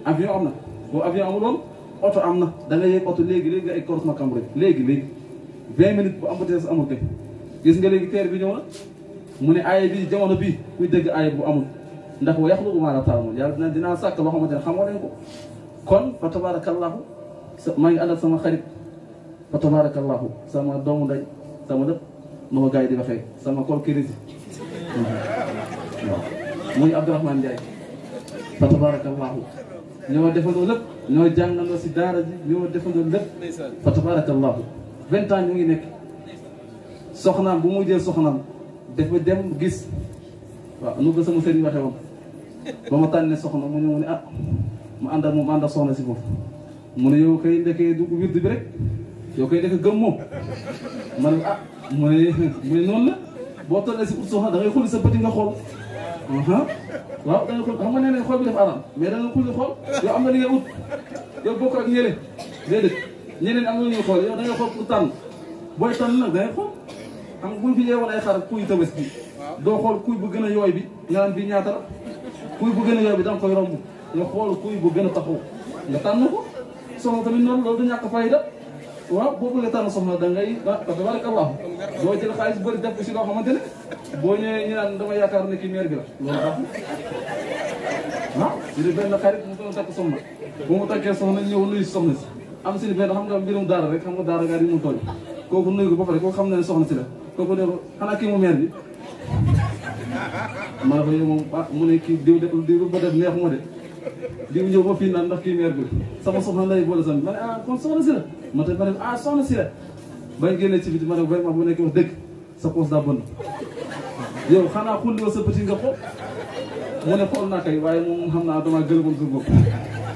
avion am na boobu avion amul woon oto am na da nga yegg oto léegi léegi nga ay korosma kambre léegi léegi vingt minutes bu embouteillage amul de gis nga léegi teer bi ñëw na mu ne aaya bii jamono bii kuy dégg aaya bu amul ndax wa yaxluqu maa laa ta'lamuun yàlla dina dinaa sàkk loo xamante ne xamoo leen ko kon fa tabaarakallahu maa ngi ànd ak sama xarit fa tabarakallahu sama doomu ndey sama lépp nu ko gars yi di waxee sama kol kirisi waaw muy Abdourahmane Ndiaye fa tabarakallahu ñoo defandoo lépp ñoo jàngandoo si daara ji ñoo defandoo lépp fa tabarakallahu vingt ans ñu ngi nekk soxnaam bu mu jël soxnaam dafa dem gis nu ko sama sëriñ waxee woon ba ma tànnee soxna mu ñëw ne ah mu ànd ak ànd ak soxna si foofu mu ne yow kay ndekkee du wird bi rek yoo koy def gëm man a ne ah mu ne boo tollee si ut soxna da ngay sa bët nga xool nga xool xam nga nee nañ xool bi def aram mais da nga xool yow am na li nga ut yow bokk ak ñële déedéet ñeneen am na lu ñuy xool yow da ngay xool pour tànn booy tànn nag da ngay xool xam nga buñ fi yeewoon xar kuy tëbës bi doo xool kuy bu gën a yooy bi nga bi ñaata la kuy bu gën a yooy bi da nga koy romb yow xool kuy bu gën a taxaw nga tànn ko soxna tamit ñàkk fayda waaw boobu bëggee tànn soxna da ngay ah tabarakallah doo jël xaalis bëri def si loo boo ñëwee ñu naan yaakaar ne kii maire bi la loolu baaxul ah ñu ne benn xarit mu benn xam nga mbirum daara rek xam nga daara ngaa di mu ko xam na ne si la kooku ne ko xanaa kii mu maire bi moom ah mu ne kii diw de diw ba def neexuma de diw ñëw ba fii naan ndax kii maire bi sama soxna lay boole san ma ah kon soxna si la man tamit ma ne ah soxna si la bañ génnee ci biti ma ne vraiment mu nekk wax dëgg sa poos xanaa xulli sa mu ne xool naa waaye xam naa damaa gëlëmoon sa bopp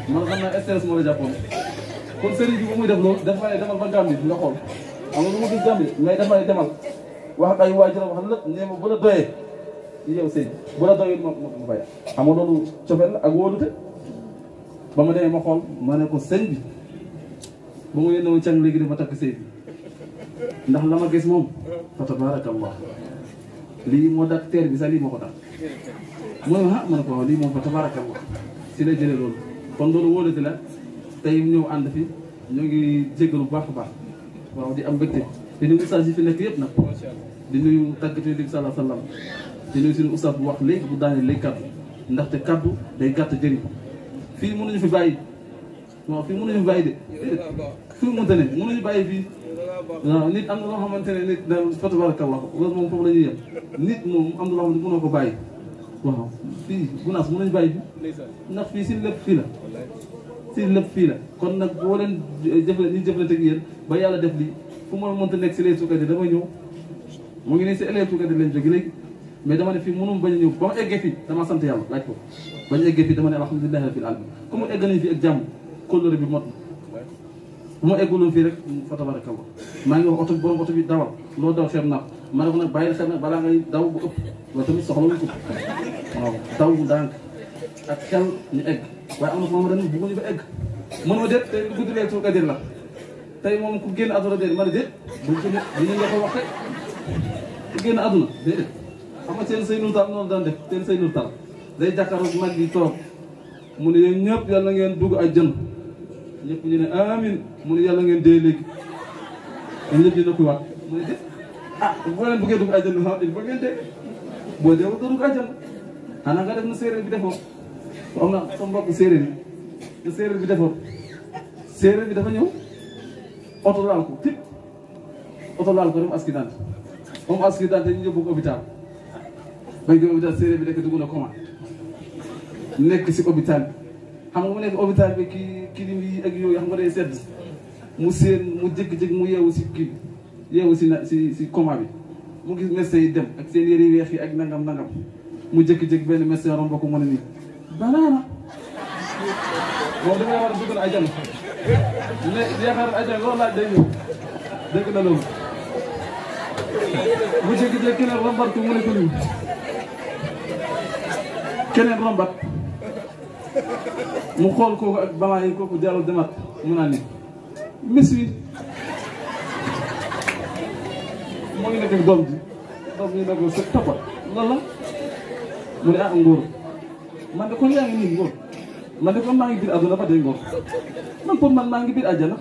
man xam naa stress moo la jàppoon bi bu def loolu dafa ne demal ba Gàmbi nga xool am na lu ma gis Gàmbi mais ne wax ay waajuram wax lépp nee ma bu la doyee yow sëñ bu la doyul ma xam nga loolu cofeel la ak wóolute ma demee ma xool ma ne ko sëñ bi bu mu yónnee wu càng léegi dama takk sëy ndax la ma gis moom fa tabarakallah lii moo dakk teer bi sax lii moo ko dakk mu ne ah ma ne ko waaw lii moom fa si la jëlee loolu kon loolu wóolati la tey ñëw ànd fi ñoo ngi jéggalu bu baax a baax waaw di am mbégte di nuyu ustaas yi fi nekk yëpp nag di nuyu tàggatu di sallallahu alayhi wa di nuyu suñu ustaas bu wax léegi bu daane léegi kaddu ndaxte kaddu day gàtt fi fii mënuñu fi bàyyi waaw fi mënuñu fi bàyyi de fu mu mënta ne mënuñu bàyyi fii waaw nit am na loo xamante ne nit da fa tabarakallah loolu moom foofu la ñuy yem nit moom am na loo xamante mënoo ko bàyyi waaw fii gunaas mënuñu bàyyi fii ndax fii si lëpp fii la si lëpp fii la kon nag boo leen jëfle ñu jëflante ak yéen ba yàlla def lii fu ma mënta nekk si les sukat yi dama ñëw mu ngi nii si les sukat yi lañ jóge léegi mais dama ne fii mënum bañ a ñëw ba ma eggee fii dama sant yàlla laaj ko bañ eggee fii dama ne alhamdulilahi rabbil alamin comme egg nañ fi ak jàmm kóllëre bi mot bu ma egguloon fii rek fa tabarakallah maa ngi wax oto borom oto bi dawal loo daw xem naa ma ne bàyyi xem nag balaa ngay daw bu ëpp loolu tamit soxla wuñ waaw daw bu ndànk ak xel ñu egg waaye am na moom ren ma déet tey guddi leeg suñu kadir la tey moom ku génn àdduna ma ne déet buñ ko nit dinañ la ko wax rek ku génn àdduna déet xam nga seen sëy nu taal noonu daan def seen sëy nu day jàkkaarloog mag yi toog mu ne yéen ñëpp yàlla na ngeen dugg ay jën ñëpp ñu ne amin mu ne yàlla ngeen dee léegi ñu ñëpp ñu ne ko mu ne ah, ah boo leen bëggee dugg àjjana xam ah, il faut dee boo dee doo dugg àjjana xanaa nga def na séeréer bi defoon am na sa mbokk séeréer yi na séeréer bi defoon séeréer bi dafa ñëw oto laal ko tip oto laal ko dem moom ñu hôpital hôpital séeréer bi nekk dugg na nekk si hôpital bi xam nga mu nekk hôpital bi kii kilim yi ak yooyu xam nga day sedd mu séen mu jékki-jékki mu yeewu si kii yeewu si na si si coma bi mu gis médecin yi dem ak seen yére yu weex ak nangam nangam mu jékki-jékki benn médecin a mu jékki-jékki keneen rombat ko mu ne ko nii keneen rombat mu xool kooku ak balaa yi kooku jaarul demaat mu naan ni mis wi ngi nek ak dom ji dom ni nekk sa topa loolu la mu ni ak ah, ngor man de kon yaa ngi nii ngóor man de kon maa ngi bir aduna ba de ngor man ko man ma ngi biir àjjana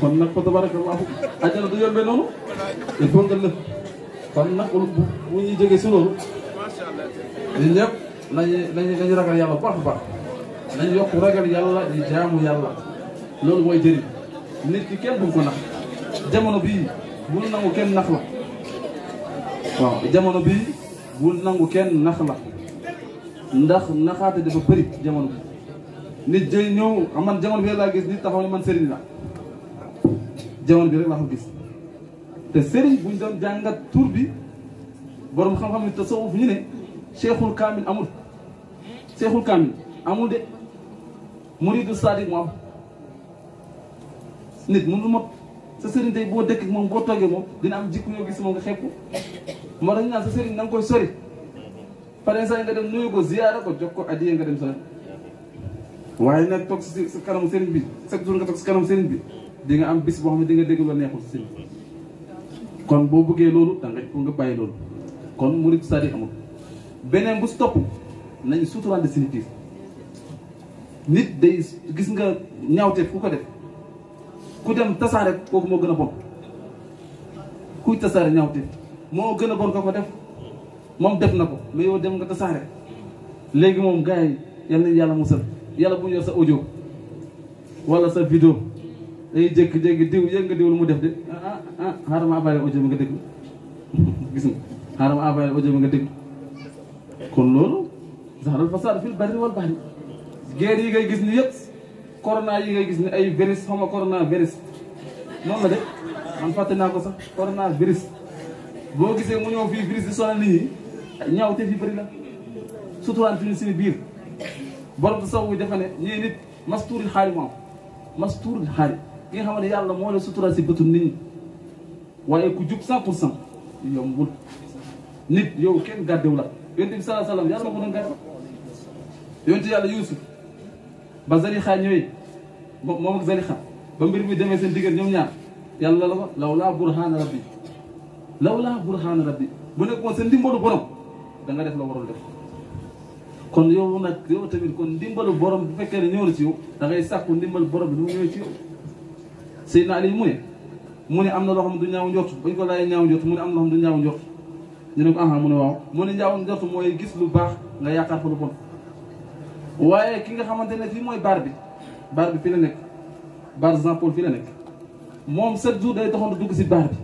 kon nak ko tabarakallah aljana du yombee noonu il faut nga lëf kon nag bu ñuy jógee si loolu ñun ñëpp nañu nañu nañu ragal yàlla baax a baax nañu yokk ragal yàlla di jaamu yàlla loolu mooy jëriñ nit ki kenn bul ko nax jamono bii bu nangu kenn nax la jamono bii bul nangu kenn nax ndax naxaate dafa bëri jamono bi nit jëy ñëw ah, man jamono bi laa gis nit taxaw ne man sëriñ la jamono bi rek laa ko gis te sëriñ buñ doon jàngat tuur bi borom xam-xam ni tasawuf ñu ne cheikhul kaamil amul cheikhul kaamil amul de muridu sadiq moom nit mënul mot sa sëriñ tey boo dëkk moom boo toogee moom dina am jikko yoo gis moom nga xeeb moo tax ñu naan sa sëriñ na nga koy sori pare saa yi nga dem nuyu waaye nag toog si sa kanam bi chaque jour nga toog si bi di nga am bis boo xam ne di nga dégg lu neexul si sëriñ kon boo buggee loolu da nga pour nga bàyyi loolu kon murid sadiq amul beneen bu si topp nañu suuturaante seen biir nit day gis nga ñaawteef ku ko def ku dem tasaare kooku moo gën a bon kuy tasaare ñaawteef moo gën a bon ko ko def moom def na ko mais yow dem nga tasaare léegi moom gars yi yal nañu yàlla musal yàlla bu ñu sa ojo walla sa vidéo day jékki-jékki diw yëg nga diw lu mu def de ah ah, ah xaaral ma envoyé audio bi nga déglu gis nga xaaral ma envoyé bi nga déglu kon loolu zaharul fasaad fil barri wal bahri guerre yi ngay gis ni yëpp corona yi ngay gis ni ay virus xama corona virus noonu la de man fàtte naa ko sax corona virus boo gisee mu ñëw fii virus di sonal nit ñi ñaaw te fi bëri la suturaan fi suñu biir borom sawu dafa ne nit mastuuril xaari moom mastuuril xaari ki nga xamante yàlla moo la sutura si bëtu nit ñi waaye ku jub 100 pour cent yombul nit yow kenn gàddew la yonent bi salaa salaam yàlla ko doon gar yonent yàlla yuusuf ba Zalixa ñëwee moom ak Zalixa ba mbir mi demee seen diggante ñoom ñaar yàlla la la ko lawlaa burhaana rabbi lawlaa burhaana rabbi bu nekkoon seen ndimbalu borom da def la warul def kon yow nag yow tamit kon ndimbalu borom bu fekkee ne ñëw na ci yow da ngay sàkku ndimbalu borom bi du mu ñëwee ci yow Seydina Ali mu ne mu ne am na loo xam ne du ñaaw njort bañ ko laajee ñaaw njort mu ne am na loo xam ne du ñaaw njort ñu ne ko aha mu ne waaw mu ne njaawum njortu mooy gis lu baax nga yaakaar fa lu bon waaye ki nga xamante ne fii mooy baar bi baar bi fii la nekk baar Jean Paul fii la nekk moom set jours day taxoon dugg si baar bi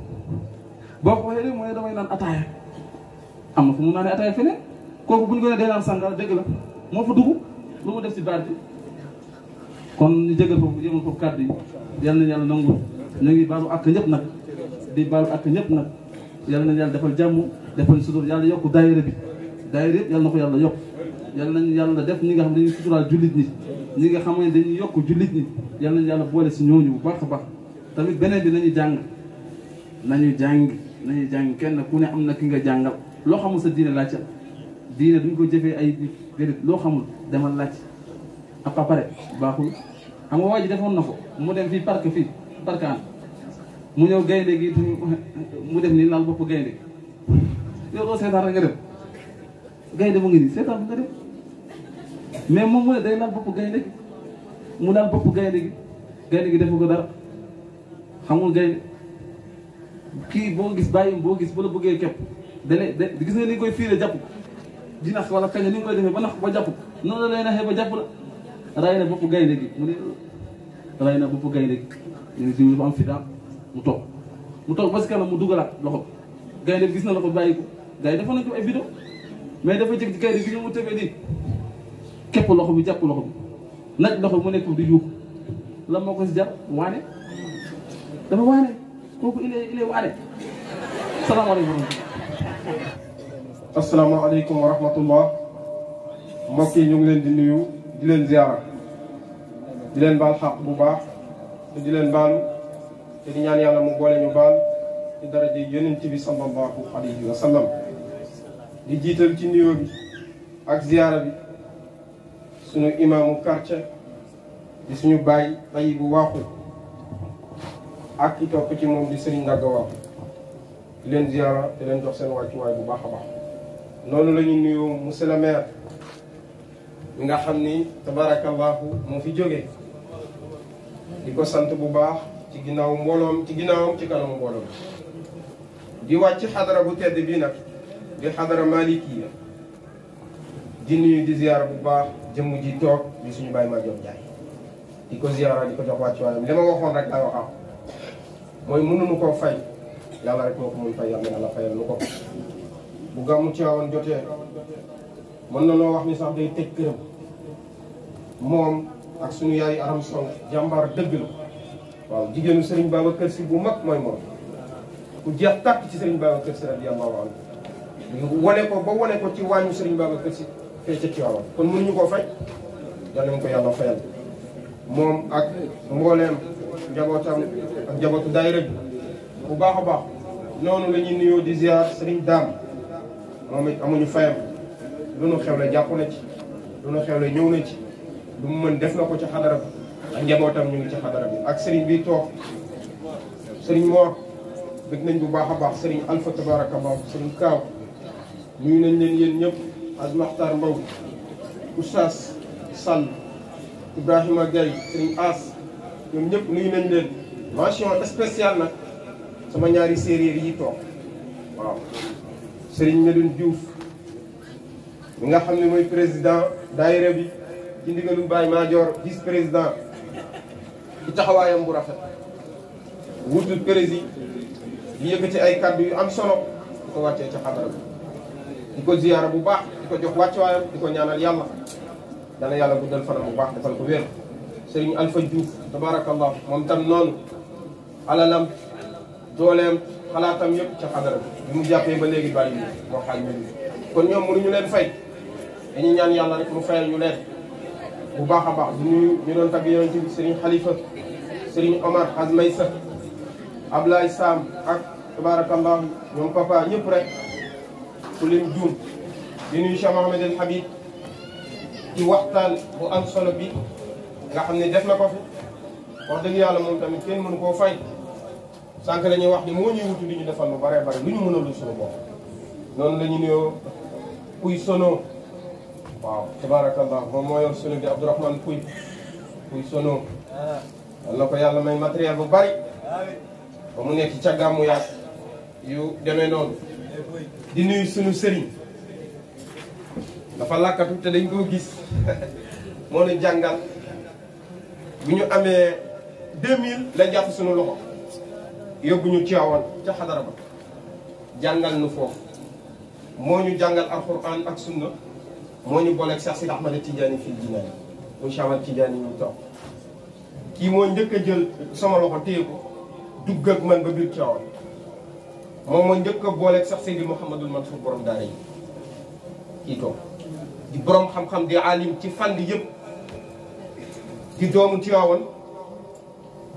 boo ko waxee mooy damay naan am na fu mu naanee ataaya feneen kooku bu ko nee day naan moo fa dugg lu def si baar bi kon ñu jégal foofu yémal foofu kàddu yi yal na yàlla nangu ñu ngi baalu ak ñëpp nag di baalu ak ñëpp nag yal na yàlla defal jàmm defal sutur yàlla yokk daayira bi daayira yëpp yàlla na ko yàlla yokk yàlla nañu yàlla def ñi nga xam ne dañuy suturaal jullit ñi ñi nga xam ne dañuy yokk jullit ñi yàlla nañu yàlla si ñooñu bu baax a baax tamit beneen bi nañu jàng nañu jàng nañu jàng kenn ku ne am na ki nga jàngal loo xamul sa diine laajte diine duñ ko jëfee ay déedéet loo xamul demal laaj ak pare baaxul xam nga waa ji defoon na ko mu dem fii parc fii parc an mu ñëw gaynde gi mu def nii laal bopp gaynde yow doo seetaan rek nga dem gaynde mu ngi nii seetaan nga dem mais moom mu ne day laal bopp gaynde gi mu laal bopp gaynde gi gaynde gi defu ko dara xamul gaynde kii boo gis bàyyi boo gis bu la bëggee képp dane de gis nga ni koy fiire jàpp ko di nax wala kañ ni nga koy defee ba nax ba jàpp ko noonu la lay naxee ba jàpp la ray na bopp gaynde gi mu ne ray na bopp gaynde gi ñu si dafa am fi daal mu toog mu toog parce que mu dugalaat loxo gaynde gis na la ko bàyyi ko gars yi defoon nañu ko ay vidéo mais dafa jëg ci kay di mu tëbee di képp loxo bi jàpp loxo bi nag loxo mu nekk di yuux la moo ko si jàpp waane dafa waane kooku il est il waane salaamaaleykum asalaamaaleykum wa rahmatullah mbokk yi ñu ngi leen di nuyu di leen ziara di leen baal xaq bu baax te di leen baalu te di ñaan yàlla mu boole ñu baal ci daraja yonent bi sallallahu alayhi wa di jiital ci nuyoo bi ak ziyaara bi suñu imaamu quartier di suñu bàyyi bayi bu waaxu ak topp ci moom di sëriñ ndagga waaxu di leen ziyaara te leen jox seen wàccuwaay bu baax a baax noonu la ñu nuyoo monsieur le maire mi nga xam ni tabarakallahu mu fi jógee di ko sant bu baax ci ginnaaw mbooloom ci ginnaawam ci kanamu mbooloom di wàcc xadara bu tedd bii nag di xadara malikiya di nuyu di ziyaara bu baax jëmm ji toog di suñu bàyyi ma jom jaay di ko ziyaara di ko jox wàcc waayam li ma waxoon rek laa waxaat mooy mënuñu koo fay yàlla rek moo ko mun fay yàlla yàlla fayal nu ko bu gàmmu Tiwaawan jotee mën na noo wax ni sax day tëj këram moom ak suñu yaay aram song jàmbaar dëgg la waaw jigéenu Serigne Babacar Sy bu mag mooy moom ku jeex tàkk ci Serigne Babacar Sy radiyallahu anhu wone ko ba wone ko ci wàññi sëriñ Babacar Si fee ca Tiwaawan kon mënuñu koo fay yal nañu ko yàlla fayal moom ak mbooleem njabootam ak njabootu bu baax a baax noonu la nuyoo di ziar sëriñ daam amuñu fayam lu nu xewle jàpp na ci lu nu xewle ñëw na ci lu mën def na ko ci xadara bi ak njabootam ñu ngi ci xadara bi ak sëriñ bi toog sëriñ Moor bëgg nañ bu baax a baax sëriñ Alfa tabaaraka baax sëriñ Kaaw nuyu nañ leen yéen ñëpp ak Maxtar Mbow Oustaz Sall Ibrahima Gaye Serigne As ñoom ñëpp nuyu nañ leen mention spéciale nag sama ñaari séeréer yi toog waaw Serigne Medoune juuf mi nga xam ne mooy président daayira bi ci ndigalu Baye Madior vice président ci taxawaayam bu rafet wutul président bi ci ay kàddu yu am solo ko wàccee ca xadara di ko ziyaara bu baax di ko jox wàccuwaayam di ko ñaanal yàlla dana yàlla guddal fanam bu baax defal ko wér sëriñ Alpha Diouf tabarakallah moom tam noonu alalam dooleem xalaatam yëpp ca xadara bi mu jàppee ba léegi bàyyi moo xaaj kon ñoom mënuñu leen fay dañuy ñaan yàlla rek mu fayal ñu leen bu baax a baax du nuyu ñu doon tagg yonent bi sëriñ Xalifa sëriñ Omar Azmaysa Ablaye Sam ak tabarakallah ñoom papa ñëpp rek ku leen juum di nuyu Cheikh Mohamed ci waxtaan bu am solo bi nga xam ne def na ko fi wax yàlla moom tamit kenn mënu koo fay sànq la wax ni moo ñuy wutu di ñu defal lu bare bare lu ñu mënalul suñu bopp noonu lañu ñu nuyoo kuy sono waaw tabaarakallah moom moo yor sono bi Abdourahmane kuy kuy sono wal ko yàlla may matériel bu bari ba mu nekk ca gàmmu yaag yu demee noonu di nuy sunu sëriñ dafa làkkatu te dañ koo gis moo nu jàngal bu ñu amee 2000 la jàpp sunu loxo yóbbu ñu Tiwaawan ca xadara ba jàngal nu foofu moo ñu jàngal alxuraan ak sunna moo ñu booleeg Cheikh Sidi Ahmad Tidiane fii Dinaé mu Chamal Tidiane ñu toog kii moo njëkk a jël sama loxo téye ko dugg ak man ba biir Tiwaawan. moom mooy njëkk boole booleeg sax Seydi Mouhamadul Mansour borom daara yi kii toog di borom xam-xam di alim ci fànn yëpp di doomu Tiwaawan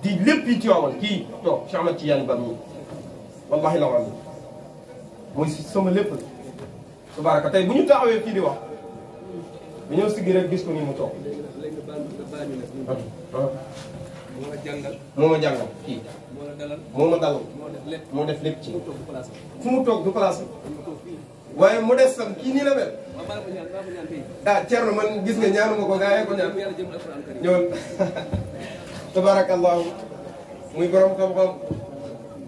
di lépp yi Tiwaawan kii toog Cheikh ci Tidiane Ba mi wallahi la wàllu mooy sama lépp la tey bu ñu taxawee fii di wax dañoo siggi rek gis ko ni mu toog ah, ah. moo ma jàngal moo ma jàngal kii moo ma dalal moo def lépp ci fu mu toog du place waaye mu des sax kii nii la mel ah Thierno man gis ko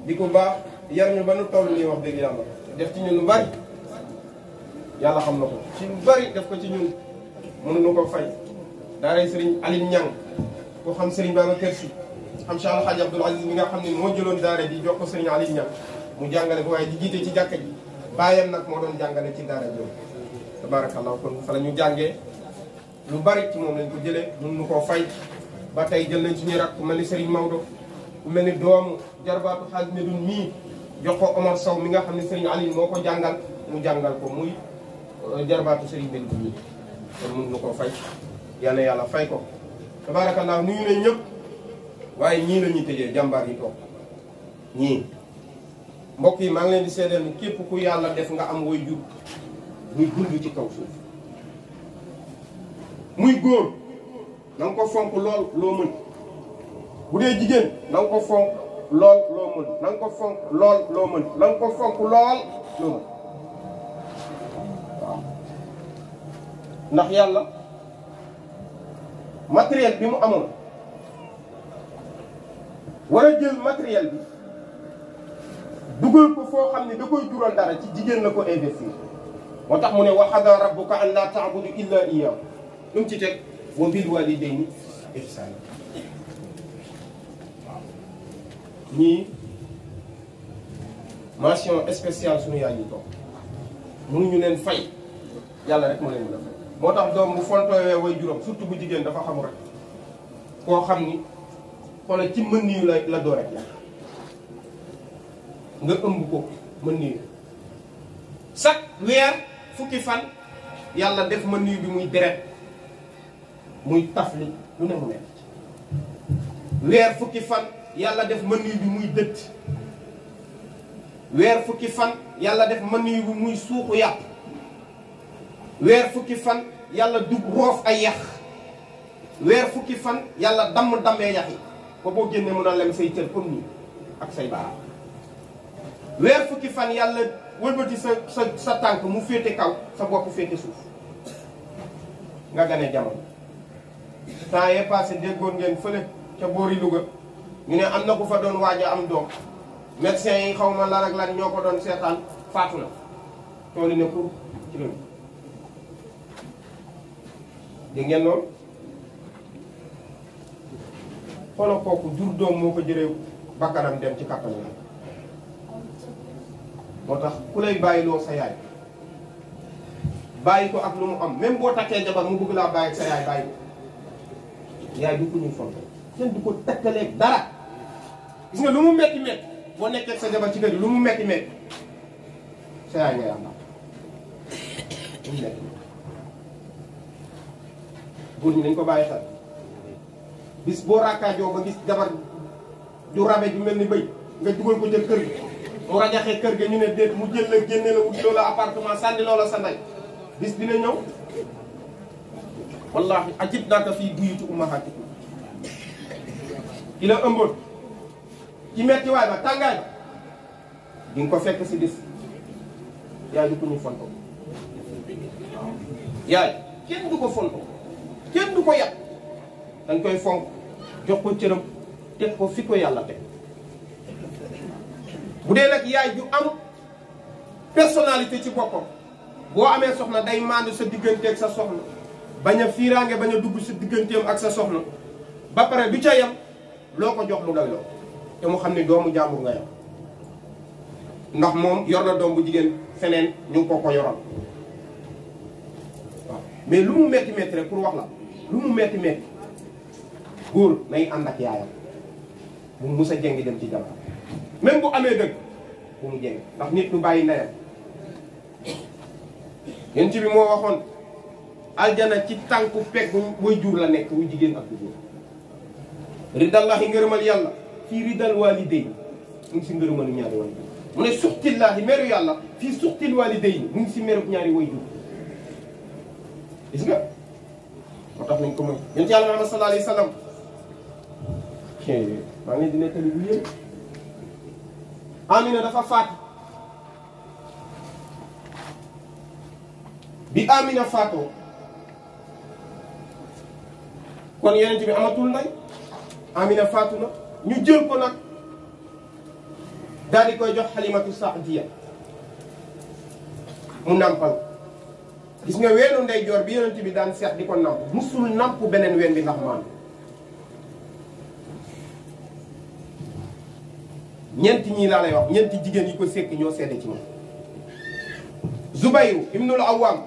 di ko baax yar ñu ba nu toll nii wax dëgg yàlla def ci ñun lu bari yàlla xam na ko ci lu bari def ko ci ñun mënuñu ko fay xam Cheikh Alhaji Abdoul Aziz mi nga xam ne moo jëloon daara ji jox ko Serigne Aliou Niang mu jàngale ko waaye di jiite ci jàkka ji bàyyam nag moo doon jàngale ci daara jooju tabaarakallah kon fa la ñu jàngee lu bari ci moom lañ ko jëlee mun nu koo fay ba tey jël nañ suñu rakk ku mel ni Serigne Maodo ku mel ni doomu jarbaatu Hadj Medoune mii jox ko Omar Sow mi nga xam ne Serigne Aliou moo ko jàngal mu jàngal ko muy euh, jarbaatu Serigne Medoune mii kon mun nu koo fay yal yàlla fay ko waaye ñii lañuy ñuy tëjee jàmbaar yi toog ñii mbokk yi maa ngi leen di seedeel ni képp ku yàlla def nga am woy jur muy dund ci kaw suuf muy góor na ko fonk lool loo mën bu dee jigéen na ko fonk lool loo mën na ko fonk lool lool waaw ndax yàlla matériel bi mu amoon war a jël matériel bi dugal ko foo xam ne da koy jural dara ci jigéen la ko investir moo tax mu ne wa qada rabbuka an laa taabudu illa iyahu lu mu ci teg wa bil walidayni ihsana waaw ñii mention spéciale suñu yaay ñu toog leen fay yàlla rek moo leen mën a fay moo tax doom bu fontooyee way juróom surtout bu jigéen dafa xamul rek koo xam ni xoolal ci mën niyu la la door ak nga ëmb ko mën niyu chaque weer fukki fan yàlla def mën niyu bi muy deret muy tafli lu ne mu nekk weer fukki fan yàlla def mën niyu bi muy dëtt weer fukki fan yàlla def mën niyu bi muy suuxu yàpp weer fukki fan yàlla dug roof ay yax weer fukki fan yàlla dam dammee yax yi ba boo génnee mu naan lem say cër comme nii ak say baaraam weer fukki fan yàlla wëlbati sa sa sa tànk mu féete kaw sa bopp féete suuf nga gane jamono temps yee passé déggoon ngeen fële ca boori Louga ñu ne am na ku fa doon waaj am doom médecin yi xaw ma lan ak lan ñoo ko doon seetaan faatu na tooli ne pour ci loolu ngeen loolu xoolal kooku jur doom moo ko jëlee bakkanam dem ci kàttanu moo tax ku lay bàyyiloo sa yaay bàyyi ko ak lu mu am même boo takkee jabar mu bëgg laa bàyyi sa yaay bàyyi ko yaay du ko ñuy fonk kenn du ko takkaleeg dara gis nga lu mu metti metti boo nekkee sa jabar ci kër lu mu metti metti sa yaay ngay am lu mu metti metti góor dañ ko bàyyi xel bis boo raakaajoo ba gis jabar ju rabe ju mel ni bëy nga dugal ko jël kër gi mu rajaxee kër ga ñu ne déet mu jël la génne la wut loola appartement sànni loola sa ndey bis dina ñëw wallahi ajib naaka fii buyutu ummahatikum ki la ëmboon ci mettiwaay ba tàngaay ba di ko fekk si bis yaay du ko ñu fonto yaay kenn du ko fonto kenn du ko yàq dañ koy fonk jox ko cëram teg ko fi ko yàlla teg bu dee nag yaay ju am personnalité ci boppam boo amee soxna day maandu sa digganteeg sa soxna bañ a a dugg sa digganteem ak sa soxna ba pare du ca yam loo ko jox mu doy loo te mu xam ne doomu jàmbur nga yam ndax moom yor na doom bu jigéen seneen ñu ngi ko ko yoral waaw mais lu mu metti metti rek pour wax la lu mu metti metti góor nay ànd ak yaayam bu mu mus jeng dem ci jabar même bu amee dëgg bu mu jeng ndax nit du bàyyi ndeyam yent bi moo waxoon aljana ci tànku pegg buy jur la nekk bu jigéen ak bu góor ridallahi ngërëmal yàlla fii ridal mu si ngërëmalu ñaari way jur mu ne suxtillahi meru yàlla fii suxtil waalidey mu si meru ñaari way jur gis nga moo tax nañ ko moy yonent yàlla Muhammad sallallahu alayhi wa sallam chrétiens yi ngi leen di nettali Amina dafa faatu bi Amina faatoo kon yeneen bi amatul ndey Amina faatu na ñu jël ko nag daal di koy jox Halimatu Saadiya mu nàmpal gis nga weenu ndeyjoor bi yeneen bi daan seet di ko namp musul namp beneen ween bi ndax maanaam. ñeenti ñii laa lay wax ñeenti jigéen yi ko sekk ñoo seede ci moom Zubayru ibnul Awam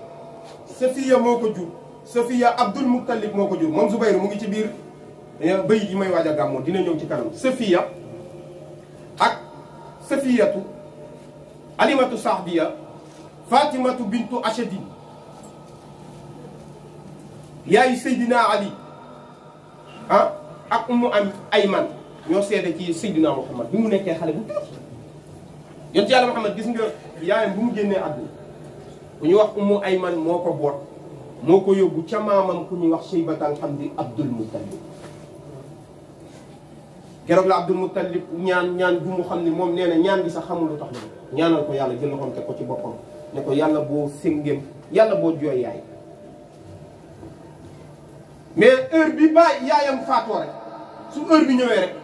Safiya moo ko jur Safiya Abdul Muttalib moo ko jur moom Zubayru mu ngi ci biir eh, bëy yi may waaj a gàmmoo dina ñëw ci kanam Safiya ak Safiyatu Alimatu Sahbiya Fatimatu bintu Ashadin yaayu Seydina Ali ah ak Ummu Ayman ñoo seede ci Seydina Muhammad bi mu nekkee xale bu tuuti yonent yàlla Muhammad gis nga yaayam bu mu génnee àdduna bu ñu wax ay Ayman moo ko boot moo ko yóbbu ca maamam ku ñu wax Shaybatal Hamdi Abdul Muttalib keroog la Abdul Muttalib ñaan ñaan bu mu xam ne moom nee na ñaan bi sax xamul lu tax la ñaanal ko yàlla jël loxoom teg ko ci boppam ne ko yàlla boo séngéem yàlla boo jooy yaay mais heure bi bàyyi yaayam faatoo rek su heure bi ñëwee rek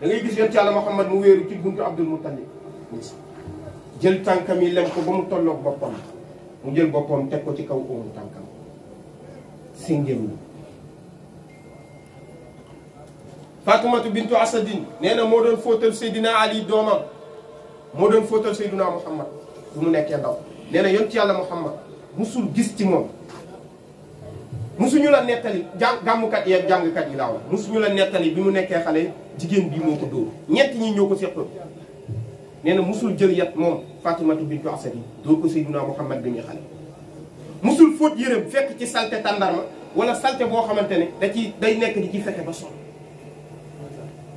dangay ngay gis yonent yàlla Muhammad mu wéeru ci buntu Abdul Muttalib jël tànkam yi lem ko ba mu tollook boppam mu jël boppam teg ko ci kaw óomu tànkam singem la Fatumatu bintu Asadin nee na moo doon fóotal Seydina Ali doomam moo doon fóotal Seydina Muhammad bu mu nekkee ndaw nee na yonent yàlla Muhammad musul gis ci moom musuñu la nettali jàng gàmmkat yi ak jàngkat yi laaw musuñu la nettali bi mu nekkee xale jigéen bii moo ko dóor ñett ñi ñoo ko seqoon nee na musul jël yat moom Fatimatu bintu Asad yi dóor ko Seydina Muhammad bi muy xale musul fóot fekk ci salte tàndarma wala salte boo xamante ne da ci day nekk di ci fexe ba sol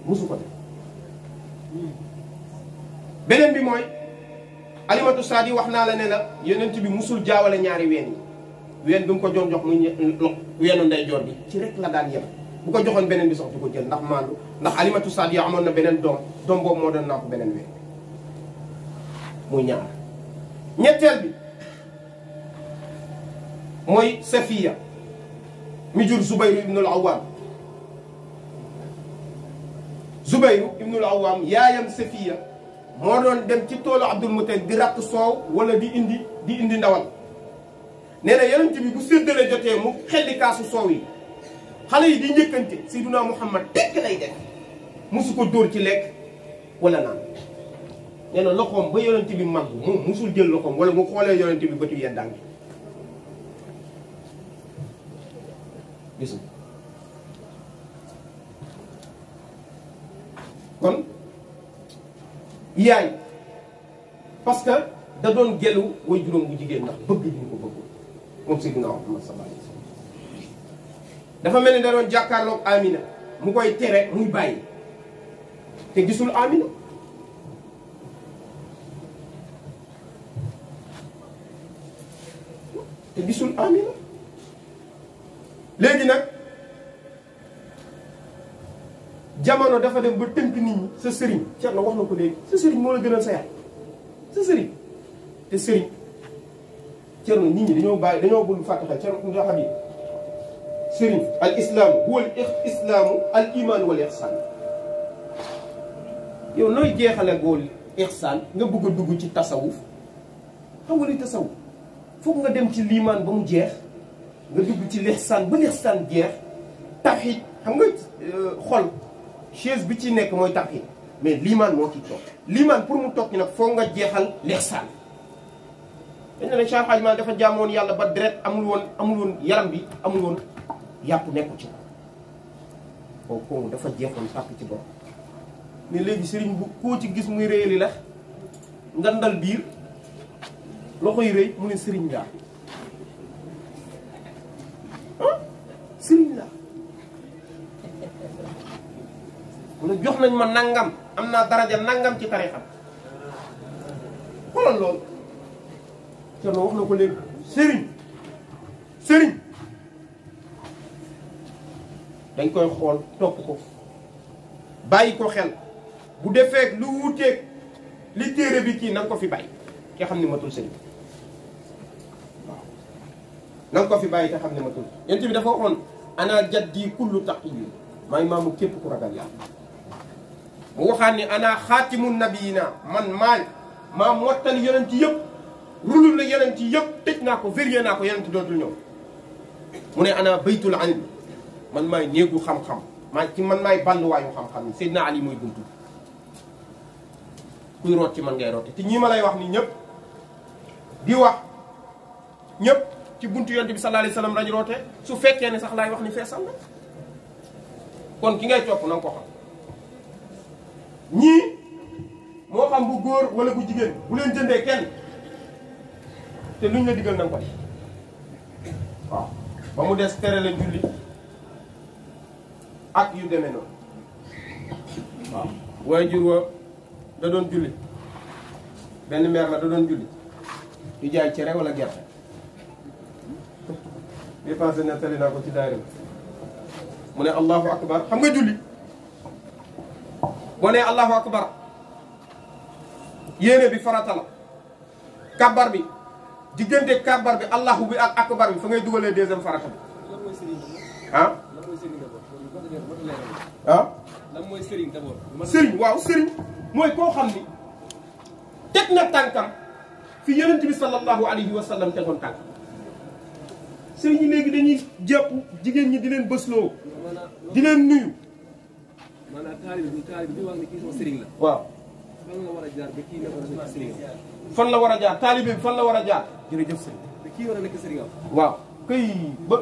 musu ko def beneen bi mooy alimatu saadi wax naa la ne la yonent bi musul jaawale ñaari ween yi ween bi mu ko joon jox muy weenu ndey joor bi ci rek la daan yem bu ko joxoon beneen bi sax du ko jël ndax maandu ndax alimatu saad yoo amoon na beneen doom doom boobu moo doon naa ko beneen ween muy ñaar ñetteel bi mooy sefiya mi jur zubayru ibnul awaam zubayru ibnul awaam yaayam safiya moo doon dem ci toolu abdul mutalib di ratt soow wala di indi di indi ndawal nee na yonent bi bu séddale jotee mu xelli kaasu soow yi xale yi di njëkkante Seydina Muhammad tekk lay def musu ko dóor ci lekk wala naan nee na loxoom ba yonent bi mag moom musul jël loxoom wala mu xoolee yonent bi bëtu yendaan bi gisul kon yaay parce que da doon gelu way juróom bu jigéen ndax bëgg ñu ko bëgg moom Seydina Muhammad sallallahu dafa mel ni da doon jàkkaarloog Amina mu koy tere muy bàyyi te gisul Amina gisul Amina léegi nag jamono dafa dem ba tënk nit ñi sa sëriñ Thierno wax na ko léegi sa sëriñ moo la gënal sa yaay sa sëriñ te sëriñ. Thierno nit ñi dañoo bàyyi dañoo bëgg fàtte xel Thierno Oudou Habib sëriñ al islam huwa al islam al iman wal ihsan yow nooy jeexale goo ihsan nga bëgg a dugg ci tasawuf xam nga li tasawuf foog nga dem ci liimaan ba mu jeex nga dugg ci lihsaan ba lihsaan jeex tawhid xam nga xol chaise bi ci nekk mooy tawhid mais liimaan moo ci toog liimaan pour mu toog ci nag foog nga jeexal lihsaan dañ ne la Cheikh Hadj Malick dafa jaamoon yàlla ba deret amul woon amul woon yaram bi amul woon yàpp nekku ci ko kooku dafa jeexoon tàkk ci bopp ne léegi sëriñ bu koo ci gis muy réyali la ngandal bir. loxo yi rëy mu ne sëriñ laa sëriñ laa mu ne jox nañ ma nangam am daraja nangam ci tarixam xoolal loolu Thierno wax na ko léegi sëriñ sëriñ dañ koy xool topp ko bàyyi ko xel bu defee lu wuuteeg li téere bi kii na ko fi bàyyi te xam ne matul sëriñ waaw na nga ko fi bàyyi te xam ne matul yent bi dafa waxoon ana jaddi kullu taqiyin maay maamu képp ku ragal yàlla mu waxaat ni ana xaatimu nabiyina man maay maa mottali yonent yëpp lu dul ne yonent yépp yëpp tëj naa ko vérifié naa ko yonent dootul ñëw mu ne ana baytul ilm man maay néegu xam-xam maa ci man maay balluwaayu xam-xam yi Seydina Ali mooy buntu kuy root ci man ngay roote te ñii ma lay wax ni ñëpp di wax ñëpp ci buntu yonent bi sallallahu alayhi wasallam lañu su fekkee ne sax laay wax ni feesal na kon ki ngay topp na ko xam ñii moo xam bu góor wala bu jigéen bu leen jëndee kenn te luñ la digal na nga ko waaw ba mu des tere la julli ak yu demee noonu waaw waaye jur wa da doon julli benn meer la da doon julli di jaay cere wala gerte bi pensé ne tali naa ko ci daari mu ne allahu akbar xam nga julli boo nee allahu akbar yéene bi farata la kabar bi diggante kàbbar bi allahu bi ak akbar bi fa ngay dugalee deuxième farata bi. ah. ah. lan mooy sëriñ d'abord. sëriñ waaw sëriñ mooy koo xam ni teg na tànkam fi yonent bi sallallahu alayhi wa tegoon tànk sëriñ yi léegi dañuy jàpp jigéen ñi di leen bësloo di leen nuyu. maanaam taalibe bi bi wax ni kii sama sëriñ waaw. fan la war a jaar ba kii nekk sëriñ fan la war a jaar taalibe bi fan la war a jaar. jërëjëf sëriñ kii war waaw kay ba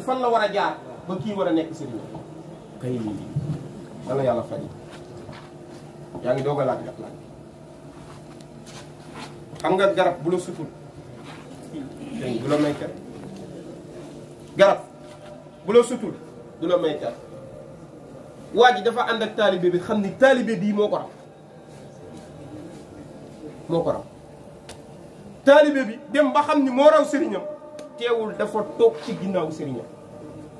fan la war jaar ba kii war a nekk kay dana yàlla fay yaa ngi doog a xam nga garab bu la sutul dégg du la may ker garab bu la sutul du may dafa ak bi ram ram taalibe bi dem ba xam ni moo raw sëriñam teewul dafa toog ci ginnaaw sëriñam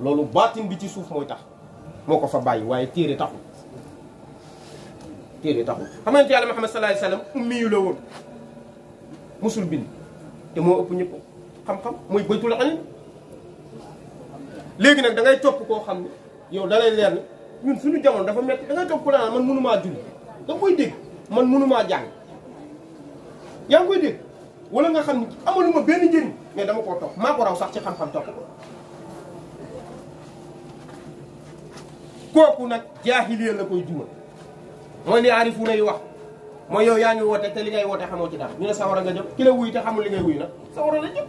loolu baatin bi ci suuf mooy tax moo ko fa bàyyi waaye téere taxul téere taxul xam nga yàlla Muhammad sallallahu alayhi wasallam ummi yu la woon mësul bind te moo ëpp ñëpp xam-xam mooy baytul ilm léegi nag dangay ngay topp koo xam ne yow da lay leer ni ñun suñu jamono dafa metti da ngay topp ku la man mënumaa julli da nga koy dégg man mënumaa jàng yaa ngi koy dégg wala nga xam ni amaluma benn njëriñ mais dama koo topp maa ko raw sax ci xam-xam topp ko kooku nag jaahiliya la koy juumal mooy li aarifuuna yu wax mooy yow yaa ngi woote te li ngay woote xamoo ci dara ñu ne sawara nga jëm ki la wuy te xamul li ngay wuy nag sawara la jëm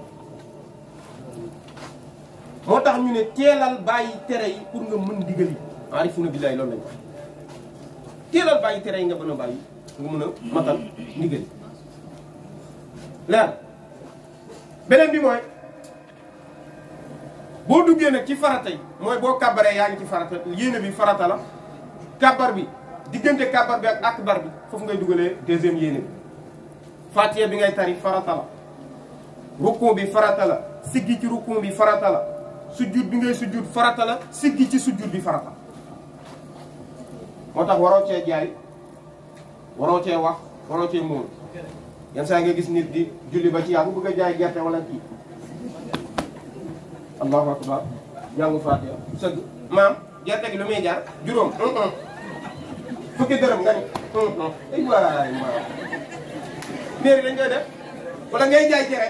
moo tax ñu ne teelal bàyyi tere yi pour nga mën digal yi aarifuuna billaahi loolu lañ teelal bàyyi tere yi nga mën a bàyyi nga mën a matal ndigal leer beneen bi mooy boo duggee nag ci farata mooy boo kàbbaree yaa ngi ci farata yéene bi farata la kàbbar bi diggante kàbbar bi ak akbar bi foofu ngay dugalee deuxième yéene bi fatiha bi ngay tari farata la rukun bi farata la siggi ci rukun bi farata la sujjud siggi ci sujjud bi farata moo tax waroo cee jaay waroo cee wax waroo cee mool yang saya nga gis di juli ba aku buka bëgg a jaay gerte wala kii allahu akbar jàngu fatiha sëgg maam gerte gi lu muy jaar juróom fukki dërëm nga ni ay waay maam mairie dañ koy def wala ngay jaay cere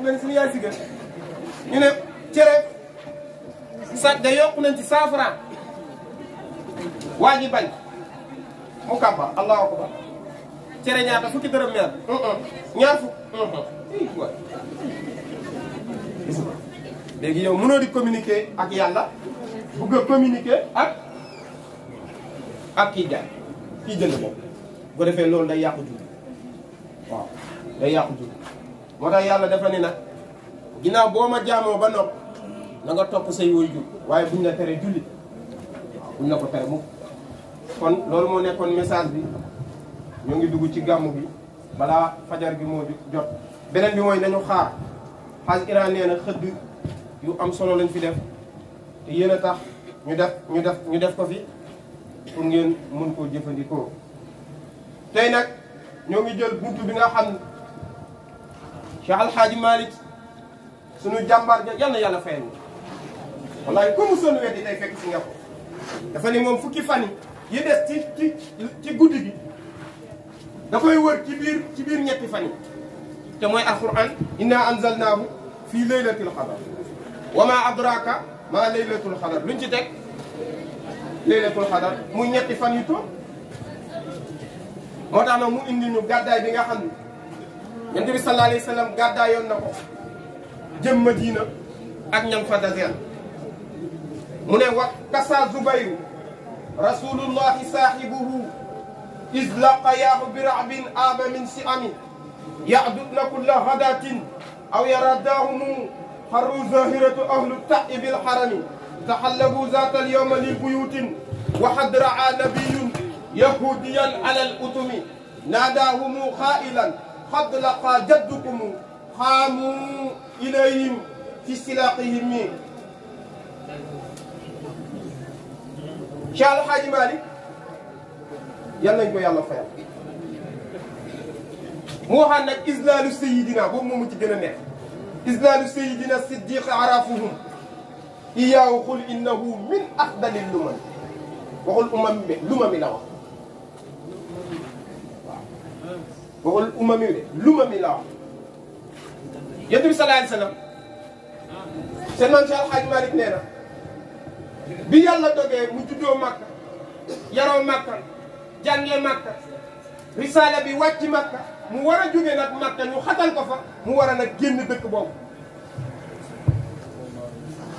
nga ni suñu yaay si gën ñu ne cere sa da yokku nañ ci cent franc waa bañ mu allahu cere ñaata fukki dërëm ñaar ñaar fukk waay léegi yow mënoo di communiquer ak yàlla bëgg a communiquer ak ak kii jaay kii jënd moom bu defee loolu day yàqu jur waaw day yàqu jur moo tax yàlla dafa ni nag ginnaaw boo ma jaamoo ba nopp na nga topp say woy jur waaye buñ la teree julli waaw buñ la ko tere mukk kon loolu moo nekkoon message bi ñoo ngi dugg ci gàmm bi balaa fajar gi moo jot beneen bi mooy nañu xaar xaaj iran nee na xëdd yu am solo lañ fi def te yéen a tax ñu def ñu def ñu def ko fi pour ngeen mën koo jëfandikoo tey nag ñoo ngi jël buntu bi nga xam ci Alxaaji Malick suñu jàmbaar ja yal na yàlla fayal wallaay comme sonu weddi tey fekk si nga ko dafa ni moom fukki fan yi des ci ci guddi bi دافاي وور تي بير تي بير نيتي فاني تا موي القران انا انزلناه في ليله القدر وما ادراك ما ليله القدر لون تي تك ليله القدر موي نيتي فاني تو موتا نو مو اندي نيو غاداي بيغا خاندي نبي صلى الله عليه وسلم غادا يون نكو جيم مدينه اك نيام فاتازيان مو ني وقت كسا زبير رسول الله صاحبه إذ لقياه برعب آب من سئم يعددن كل غداة أو يرداهم حر ظاهرة أهل التأ بالحرم تحلبوا ذات اليوم لبيوت وحد رعى نبي يهوديا على الأتم ناداهم خائلا قد لقى جدكم خاموا إليهم في سلاقهم شال الحاج مالك يلا نكو يلا فايل موها نك إزلال سيدنا بوم مومو تي إزلال سيدنا الصديق عرفهم إياه قل إنه من أفضل اللمم وقل أمم لمم لا وقل أمم لمم لا يدري صلى الله عليه وسلم سنان شال حاج مالك نينا بي يالا توغي مو تودو مكه يارو مكه jànge Makka risaala bi wàcc Makka mu war a jóge nag Makka ñu xatal ko fa mu war a nag génn dëkk boobu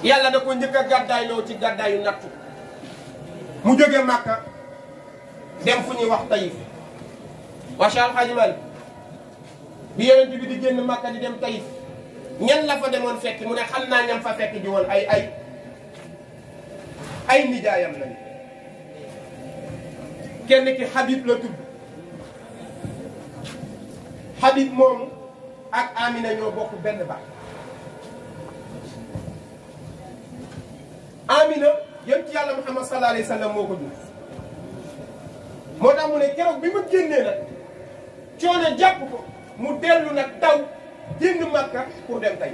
yàlla da ko njëkk a gàddaay loo ci gàddaayu nattu mu jóge Makka dem fu ñuy wax Taïf macha allah bi yonent bi di génn Makka di dem Taïf ñan la fa demoon fekki mu ne xam naa ñam fa fekk ji woon ay ay ay nijaayam lañu كان كي حبيب لا تود حبيب موم اك امينه ньо بوك بن با امينه يمت يالا محمد صلى الله عليه وسلم موكو دي موتام موني كيروك بيما جيني نا تيونا جاب كو مو ديلو نا تاو جين مكه بور ديم تاي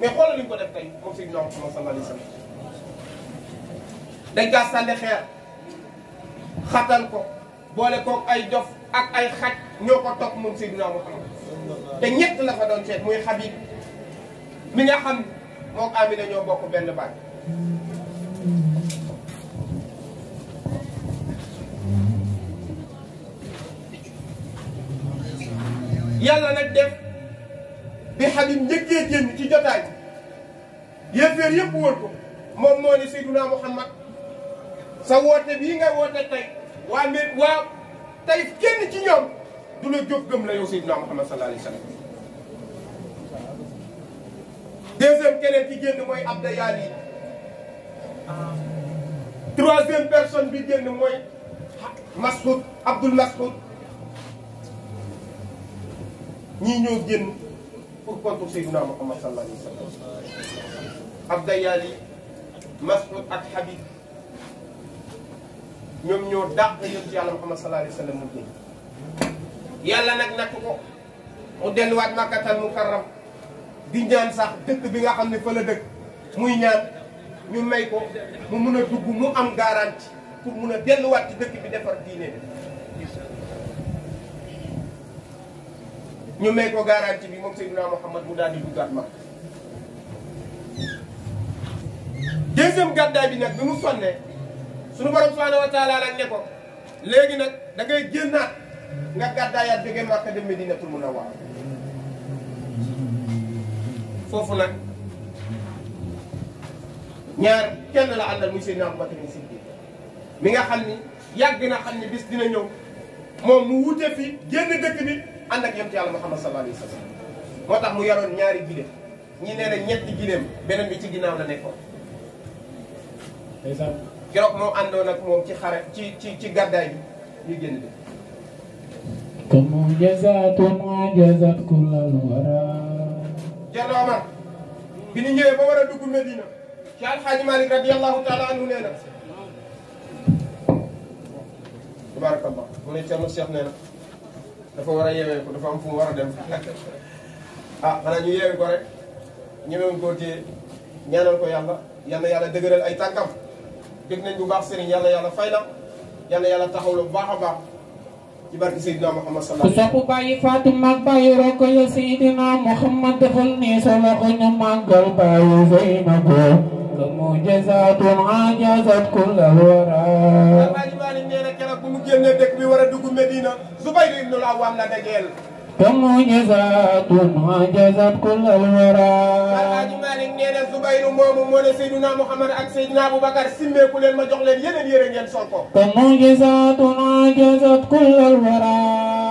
مي خول لي كو ديف تاي كوم سي نون محمد صلى الله عليه وسلم دنجا ساندي خير xatal ko boole koog ay dof ak ay xaj ñoo ko topp moom Seydina Muhammad te ñett la fa doon seet muy Habib mi nga xam moog Amina ñoo bokk benn baat yàlla nag def bi Habib njëkkee jënd ci jotaay yéeféer yëpp wër ko moom moo ne Seydina Muhammad sa woote bii nga woote tey waa mbir waa tey kenn ci ñoom du la jóg gëm la yow Seydina Muhammad sallallahu alayhi wa sallam deuxième keneen ki génn mooy Abda Yaali troisième bi génn mooy Mas'ud Abdul Mas'ud ñii ñoo génn pour contre Seydina Muhammad sallallahu alayhi wa sallam Abda Yaali ak Habib ñoom ñoo dàq ñoom ci yàlla Muhammad sallallahu alayhi wa sallam mu yàlla nag natt ko mu delluwaat makkatal mukarram di ñaan sax dëkk bi nga xam ne fa la dëkk muy ñaan ñu may ko mu mun a dugg mu am garanti pour mun a delluwaat ci dëkk bi defar diine ñu may ko garantie bi moom Seydina Muhammad mu daal di duggaat mag deuxième gàddaay bi nag bi mu sonnee suñu borom subhanahu wa taala nag ko léegi nag dangay ngay génnaat nga gàddaayaat jóge Màkka dem Medinatul Munawwara foofu nag ñaar kenn la àndal muy Seydina Abubakar Siddiq mi nga xam ni yàgg na xam ni bis dina ñëw moom mu wute fi génn dëkk bi ànd ak yonent yàlla Muhammad sallallahu alayhi wa moo tax mu yaroon ñaari gileem ñi nee na ñetti gileem beneen bi ci ginnaaw la nekkoon keroog moo àndoon ak moom ci xare ci ci ci gàddaay bi ñu bi kon moom jazaat ma jazaat kullal wara bi ñu ñëwee ba war a dugg Medina ci alxaaji Malik radiyallahu taala anhu nee na tabarakallah mu ne Cerno Cheikh nee na dafa war a yeewee ko dafa am fu mu dem ah xanaa ñu yeewee ko rek ñemewuñ koo téye ñaanal ko yàlla yal na yàlla dëgëral ay tànkam dégg nañ bu baax sëriñ yàlla yàlla fay na yàlla yàlla taxaw la bu baax a baax ci barke Seydina Muhammad sallallahu alayhi wa sallam. ku sopp bàyyi Fatima ak bàyyi Roko ya Seydina Muhammad defal nii solo ko ñu màggal bàyyi Zeynabu ka mujizatun ajazat kulla wara. Alaaji Maalik nee na keroog bu mu génnee dëkk bi war a dugg Medina Zubayr ibnul Awaam la dajeel. معجزات عجزت كل الورى alaaji Malick ma jox leen yeneen yére ngeen sol ko معجزات عجزت كل الورى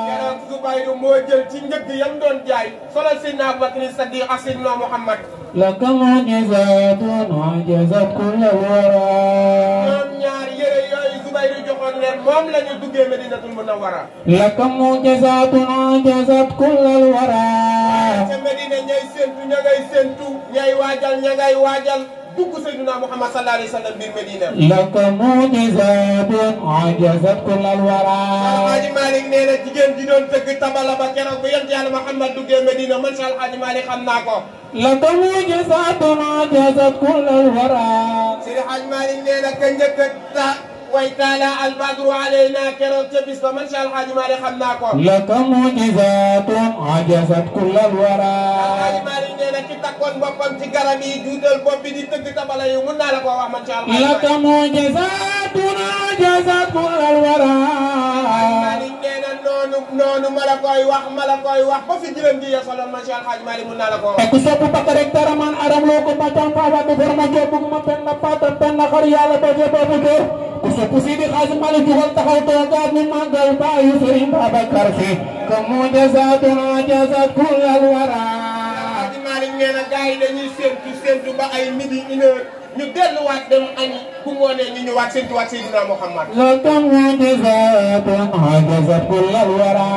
keroog Zubayru moo jël ci njëg yam doon jaay solal Zubairu joxoon leen moom la ñu duggee Medinatul Munawwara. laka mu'jizatuna wara. ca Medina ñay séntu ña ngay séntu ñay waajal ña ngay waajal. dugg Seydina Muhammad sallallahu alayhi wa sallam biir Medina. laka mu'jizatun ajazat kullal wara. Alxaaji Malick nee na jigéen ji doon tëgg tabala ba keroog bu yent yàlla Muhammad duggee Medina naa ko. a way taala albadru alayna keroog ca bis ba man si alxaaji Maalik xam naa ko. laka mujizaatun ajasat kullal wara. alxaaji Maalik nee na ki takkoon boppam ci garab yi juutal bopp bi di tëgg tabala yi mun naa la koo wax man si alxaaji Maalik. laka mujizaatun ajasat kullal wara. alxaaji Maalik nee na noonu noonu ma la koy wax ma la koy wax ba fi jërëm gi yasaloon man si alxaaji Maalik mun naa la koo wax. ku sopp bakka rek dara man aram loo ko ma jàmpaaba du forma jobbu ma penn paata penn xar yàlla ba jobbu dóor. kusidi kazi mali jugal takau toga min magal ba yusri baba karfi kamu jazatun jazat kullal wara mali neena gaay dañuy sentu sentu ba ay midi une heure ñu delluwaat dem añ bu ngoonee ñu ñëwaat sentu waat seydina muhammad la kamu jazatun jazat kullal wara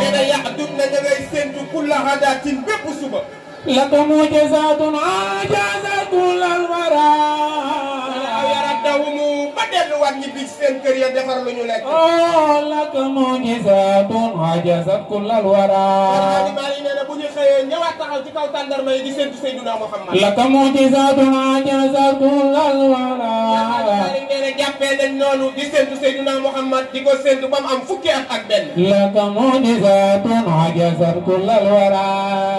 neena yaqdun na ngay sentu kulla hadatin bépp suba la kamu jazatun jazat kullal wara ya raddahumu delluwaat ñibbi ci seen kër ya defar lu ñu lekk. oh laka mu'jizatun ajazat kullal wara. Xaadimaal yi nee na bu ñu xëyee ñëwaat taxaw ci kaw tàndarma yi di séntu Seydina Muhammad. laka mu'jizatun ajazat kullal wara. Xaadimaal yi nee na jàppee nañ noonu di séntu Seydina Muhammad di ko séntu ba mu am fukki at ak benn. laka mu'jizatun ajazat kullal wara.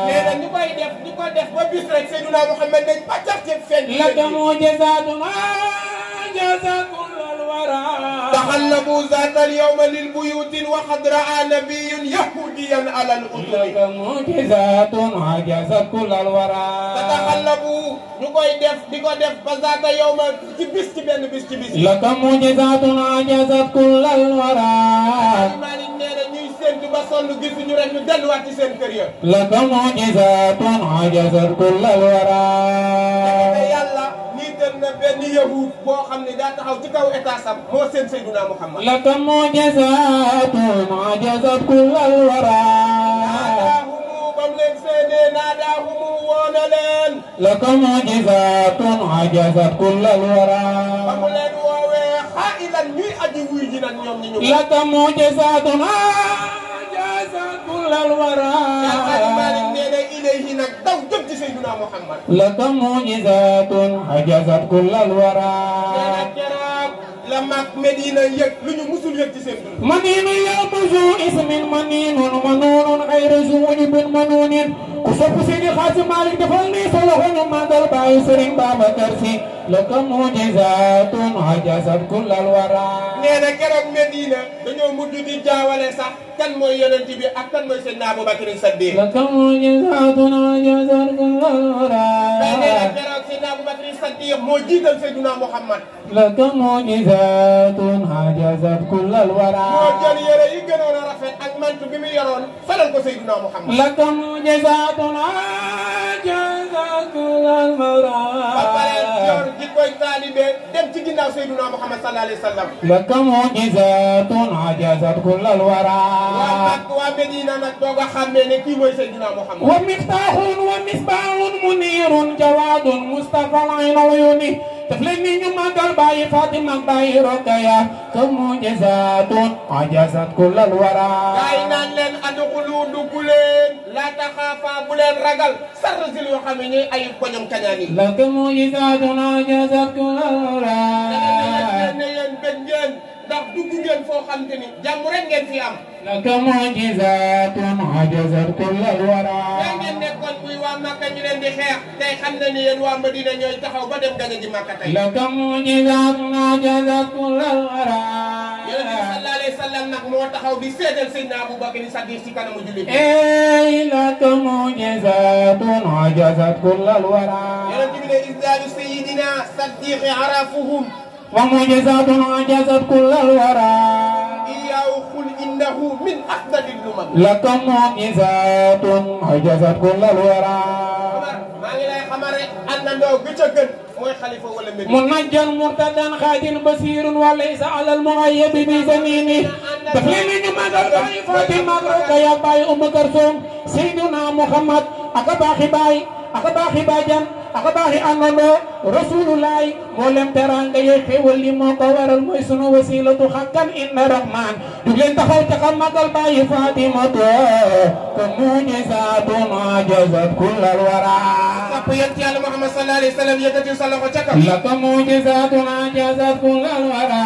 nee na ñu koy def ñu ko def ba bis rek Seydina Muhammad nañ pàccax ci fenn. laka mu'jizatun جاز كل الورى تعلموا ذات اليوم للبيوت وقد رأى نبي يهوديا على الأذن لك معجزات عجزت كل الورى تتخلبوا نكوي دف ديكو دف بذات يوم تبس تبين بس تبس لك معجزات عجزت كل الورى لك معجزات عجزت كل الورى jiital na benn yahud boo xam ne daa taxaw ci kaw état sam moo seen Seydina Muhammad laka mu'jizatu mu'jizat kullal wara naadaahumu bam leen seedee naadaahumu woona leen laka mu'jizatu mu'jizat kullal wara bamu leen woowee xaa ilan ñuy aji wuy ji nag ñoom ñi ñu laka mu'jizatu لك معجزات حجزت كل الورى la mag Medina yëg lu ñu musul yëg ci seen dund. maniinu yaa musu ismin maniinun manuunun xayra zuunibin manuunin ku sopp Seydi Xaaji Maalik defal ni sa loxo ñu màggal bàyyi Sëriñ Babacar Si laka mujizaatun ajasat kullal wara. nee na keroog Medina dañoo mujj di jaawale sax kan mooy yonent bi ak kan mooy Seydina Abubakar Saddiq. laka mujizaatun ajasat kullal wara. Abubakar As-Siddiq moo jiital Seydina Muhammad laka mu'jizaatun hajazat kullal wara moo jël yére yi gënoon a rafet ak mantu bi mu yoroon solal ko Seydina Muhammad laka mu'jizaatun hajazat kullal wara yor jikkoy taalibe dem ci ginnaaw Seydina Muhammad sallallahu alayhi wa sallam. lakam mu'jizatun ajazat kullal wara. waa Màkk waa Medina nag doog a xàmmee ne kii mooy Seydina Muhammad. wa miftahun wa misbahun munirun jawadun mustafa daf leen ni ñu màggal bàyyi Fatima bàyyi Roqaya ka mu jazaatun la taxaafa bu leen ragal sarr sil yoo xam ne ñooy ayib la ka mu jazaatun ajazat ndax dugg ngeen foo xam te ni jàmm rek ngeen fi am. la ka mu'jizatun ajazat kullal wara. yaa ngeen nekkoon muy waa Makka ñu leen di xeex tey xam na ni yéen waa Madina ñooy taxaw ba dem gañe ji Makka tey. la ka mu'jizatun ajazat kullal wara. yéen sallallahu alayhi wa sallam nag moo taxaw di seedal Seydina Abubakar Sadiq ci kanamu jullit. ey la ka mu'jizatun ajazat kullal wara. yéen a ngi tudd Seydina Sadiq arafuhum ومعجزات عجزت كل الورى إياه قل إنه من أفضل الأمم لك معجزات عجزت كل الورى منجى مرتدا خادم بصير وليس على المغيب بزمينه تخليني مدر طائفة مبروك يا باي أم كرسوم سيدنا محمد أكبا خباي aka baaxi baajan aka baaxi àndandoo rasulullah moo leen teraanga yee xéewal li moo ko waral mooy sunu wasilatu xakkan inna rahman du leen taxaw ca xam magal bàyyi fatimatu ko mujizatun ajazat kullal wara sapp yent yàlla muhammad sallallahu alayhi wa sallam yëkkati sa loxo ca kaw la ko mujizatun ajazat kullal wara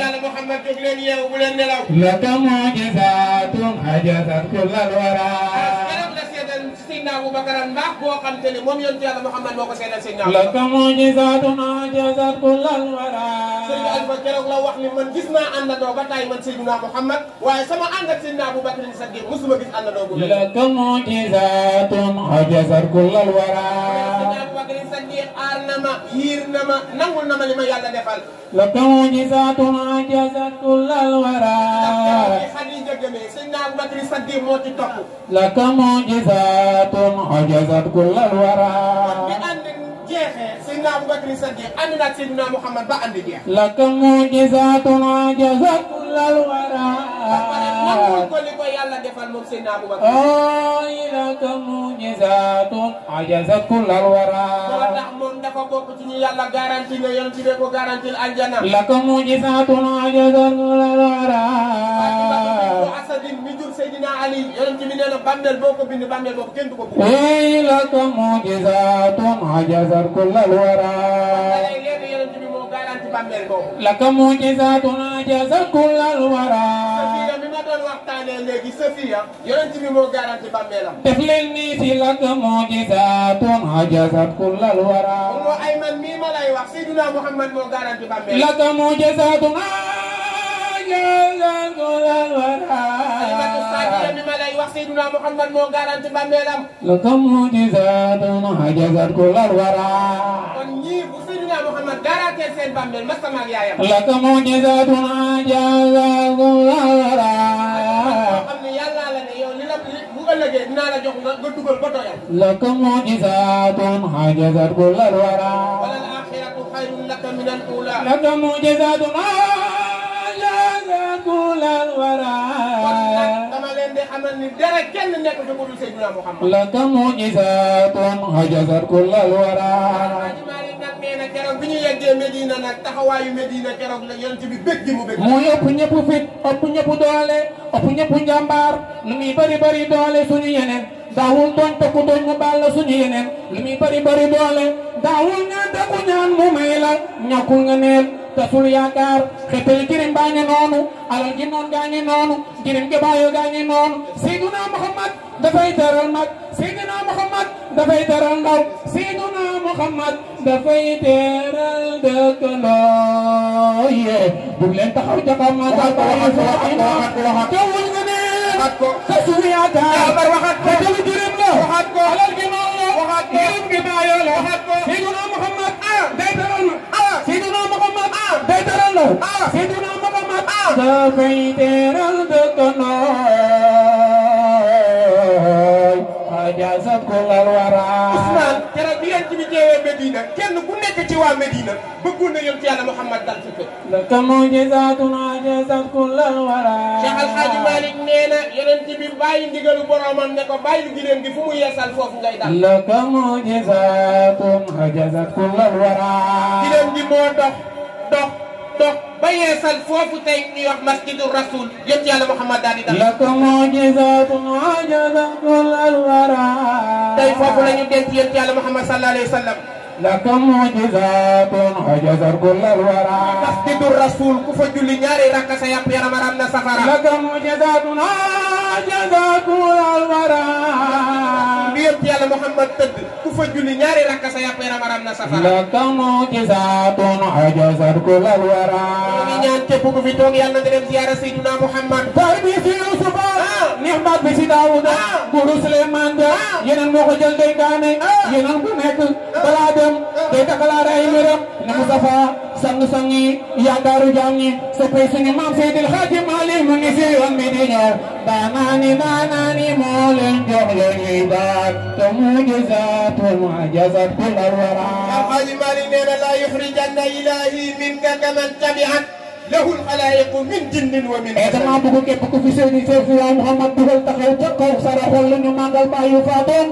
yàlla muhammad jóg leen yeewu bu leen nelaw la ko mujizatun ajazat kullal wara boo xam te ne moom yonent yàlla Muhammad moo ko seedal sëñ Naama. laka mu'jizatun ajazat kullal wara. sëñ Alfa keroog la wax ni man gis naa àndandoo ba tay man Seydina Muhammad waaye sama ànd ak Seydina Abu Bakr Siddiq musuma gis àndandoo bu mel. laka mu'jizatun ajazat kullal wara. Seydina Abu Bakr Siddiq aar na ma yiir na ma nangul na ma li ma yàlla defal. laka mu'jizatun ajazat kullal wara. Seydina Abu Bakr Siddiq moo ci topp. laka mu'jizatun ajazat We Kulalwara. Ande ande jeexee Seydina Abubakar Sadiq ànd naag Seydina Muhammad ba ànd jeex. laka mujizaatun ajazat kullal wara. lan ko li ko yàlla defal moom Seydina Abubakar. ooy laka mujizaatun ajazat kullal wara. moo tax moom dafa bokk ci ñu yàlla garanti ne yéen ci ne ko garanti aljana. laka mujizaatun ajazat kullal wara. asadin mi jur Seydina Ali yéen ci mi nee na bàmmeel boo ko bind bàmmeel boobu kenn du ko bëgg. ooy laka mujizaatun ajazat ذكرت كل الورى لك معجزاتنا جازت كل الورى تخلل نيتي لك معجزاتنا جازت كل الورى لك معجزاتنا Seydina Muhammad moo garanti bàmmeelam. la kam mu di zaatoon hajagat ko lal wara. kon ñii bu Seydina Muhammad garantee seen bàmmeel masama ak yaayam. la kam mu di zaatoon hajagat ko lal wara. xam ne yàlla la ne yow li la bu ëllëgee dinaa la jox nga nga dugal ba doyal. la kam mu di zaatoon hajagat ko lal wara. wala al axiratu xayrun laka min al ula. la kam mu di zaatoon kuulal waraa. kon nag dama leen di xamal ni dara kenn nekk fi ku dul Seydina Muhammad. la ka mu'jizatun hajazat kullal waraa. na keroog bi ñu yeggee Medina nag taxawaayu Medina keroog la yonent bi bëgg gi mu bëgg. muy ëpp ñëpp fit ëpp ñëpp doole ëpp ñëpp njàmbaar lu muy bëri bëri doole suñu yeneen daawul tooñ takku tooñ mu baal la suñu yeneen lu muy bëri bëri doole daawul ñaan takku ñaan mu may la ñàkkul nga neel. تسولي أكار خبل كريم باني نونو على الجنون غاني نونو كريم كبايو غاني نونو سيدنا محمد دفعي ترون مك سيدنا محمد دفعي ترون لو سيدنا محمد دفعي ترون دك لو بلين تخرج قمنا تخرج قمنا تقول غني تسولي أكار خبل كريم لو على الجنون لو كريم كبايو لو سيدنا محمد دفعي ترون لو سيدنا محمد day teral la Seydina Muhammad da koy teral dëkkandoo Aja Sakkoular bi yéen Medina kenn ku nekk ci waa Medina bëggoon na yóbbu yàlla Muhammad dal sa kër laka mujizaatun Aja Sakkoular Wara Cheikh Al Hadj Malick nee na yonent bi bàyyi ndigalu boromam ne ko bàyyi gileem gi fu mu yeesal foofu ngay dal laka mujizaatun Aja Sakkoular Wara gileem gi moo dox dox dox ba yeesal foofu tey ñuy wax masjidu rasul yëpp yàlla Muhammad daal di dal. lakk mu'jizatun ajabatul alwara. tey foofu la ñu denc yëpp yàlla Muhammad sallallahu alayhi wa sallam. lakk mu'jizatun ajabatul alwara. masjidu rasul ku fa julli ñaari rakka sa yàpp yaram araam na safara. lakk mu'jizatun ajabatul alwara. bi yëpp yàlla Muhammad tëdd ku fa julli ñaari rakka sa yàpp yaram aram na safara. la kaw ci saa toonu ajasar ku lal wara. ñu ñaan képp ku fi toog yàlla na nga dem ziyaara Seydina Muhammad. baay bi si Yusufa. nixmat ah. bi si Daawuda. Ah. guru Suleymaan da. Ah. yeneen moo ko jël dénkaane. yeneen ku nekk. sang-sang yi yaakaaru jaam ñi. soppay suñu maam Seydil Xaaji Maalik mu ngi si yoon bi di ñëw. daanani daanani moo leen jox leen ñuy أنتم مجزات وعجزت كل الورى الحاج مالي نينا لا يخرجن إلهي منك كمن تبعك له الخلائق من جن ومن إذا ما بقول كيف بقول في سيدي سيف يا محمد بقول تقول تقول سارة كل نما قال بايو فاتون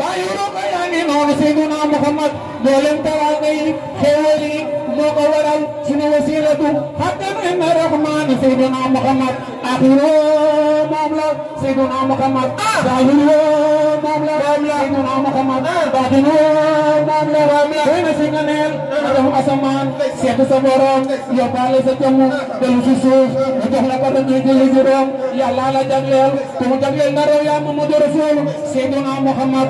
بايو ربياني نون سيدنا محمد دولن تراغي خيولي moo ko waral sunu wasilatu xaqan inna rahmaani sayyiduna Muhammad la sayyiduna Muhammad zaahiru moom la la doy ah. na si nga neel ah. asamaan seet sa borom yóbbaale sa jëmm ah. dellu si suuf mu jox la ko dañuy jëli juróom mu jagleel na raw yaa Muhammadu Rasul sayyiduna Muhammad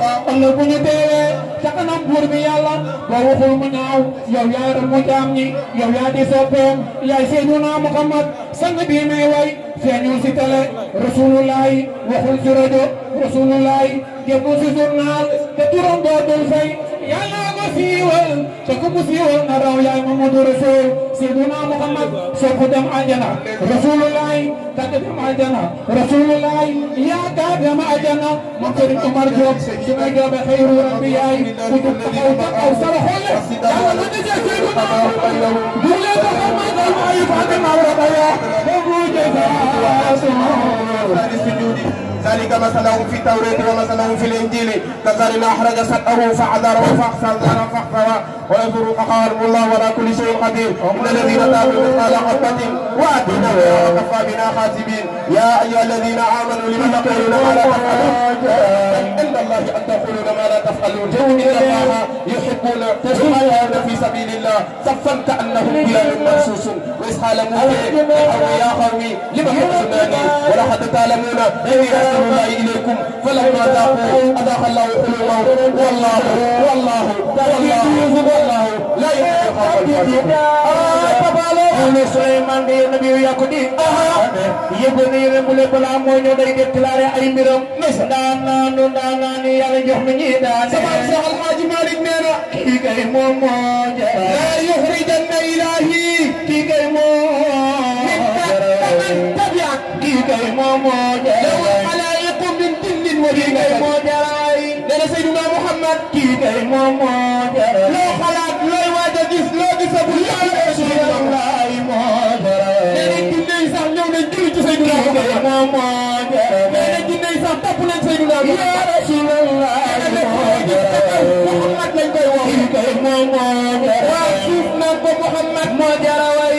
buur bi yàlla boo waxul mu ñaaw yow yaa jaam ñi yow yaa di soppeem yaay Seydina Muhammad sang bi may way feeñul si télé rasulullahi waxul si rajo rasulullahi jëmm si journal te turam doo dul fay yàlla siiwal te siiwal na raw yaay Mamadu Rasul Seydina Muhammad soo ko dem àjjana rasulullahi ka dem àjjana rasulullahi yaa ka dem àjjana ma këri Umar Diop su ma joobe xayru rabbi yaay ku jub taxaw taxaw sara xolle yàlla la dëjee Seydina Muhammad bu leen taxaw ma dem ayu to do this. ذلك مثلهم في التوراة ومثلهم في الإنجيل كزرع أحرج سقه فعذره فاحتثر فاحتوى ويذر فقال الله ولا كل شيء قدير إن الذين تابوا مثقال حبة وآتيناه وكفى بنا خاسبين يا أيها الذين آمنوا لما تقولون ما لا تفعلون إن الله أن تقولون ما لا تفعلون إن الله يحبون يجاهدون في سبيل الله صفا كأنهم بلاد مرصوص وإسحال موسى يا قومي لما لم ولا حتى تعلمون إني أحب الله إليكم فلما ذاقوا أذاق الله قلوبهم والله والله والله والله لا يحب سليمان di yéen a biir yàqu di. yëpp na yéen mu lépp laa mooy ñoo day déclaré ay mbiram. daan naa nu daan naa ni yàlla jox na ñuy daane. sama Seex Alxaaji Maalik nee na. kii kay moom moo jar. laa yuxrijanna ilaahi. kii kay moo jar. kii kay moom moo jar. kii kay moo jaray nee na Seydina Muhammad kii kay moo moo jaray loo xalaat looy waaj a gis loo gis bu yàlla Rasulullahi moo jaray nee na jinne yi sax ñëw nañ jëriñ ci Seydina Muhammad moo moo jaray nee na jinne yi sax topp nañ Seydina Muhammad Rasulullahi moo jaray Muhammad lañ koy woo kii kay moo moo jaray waa suuf naan ko Muhammad moo jaray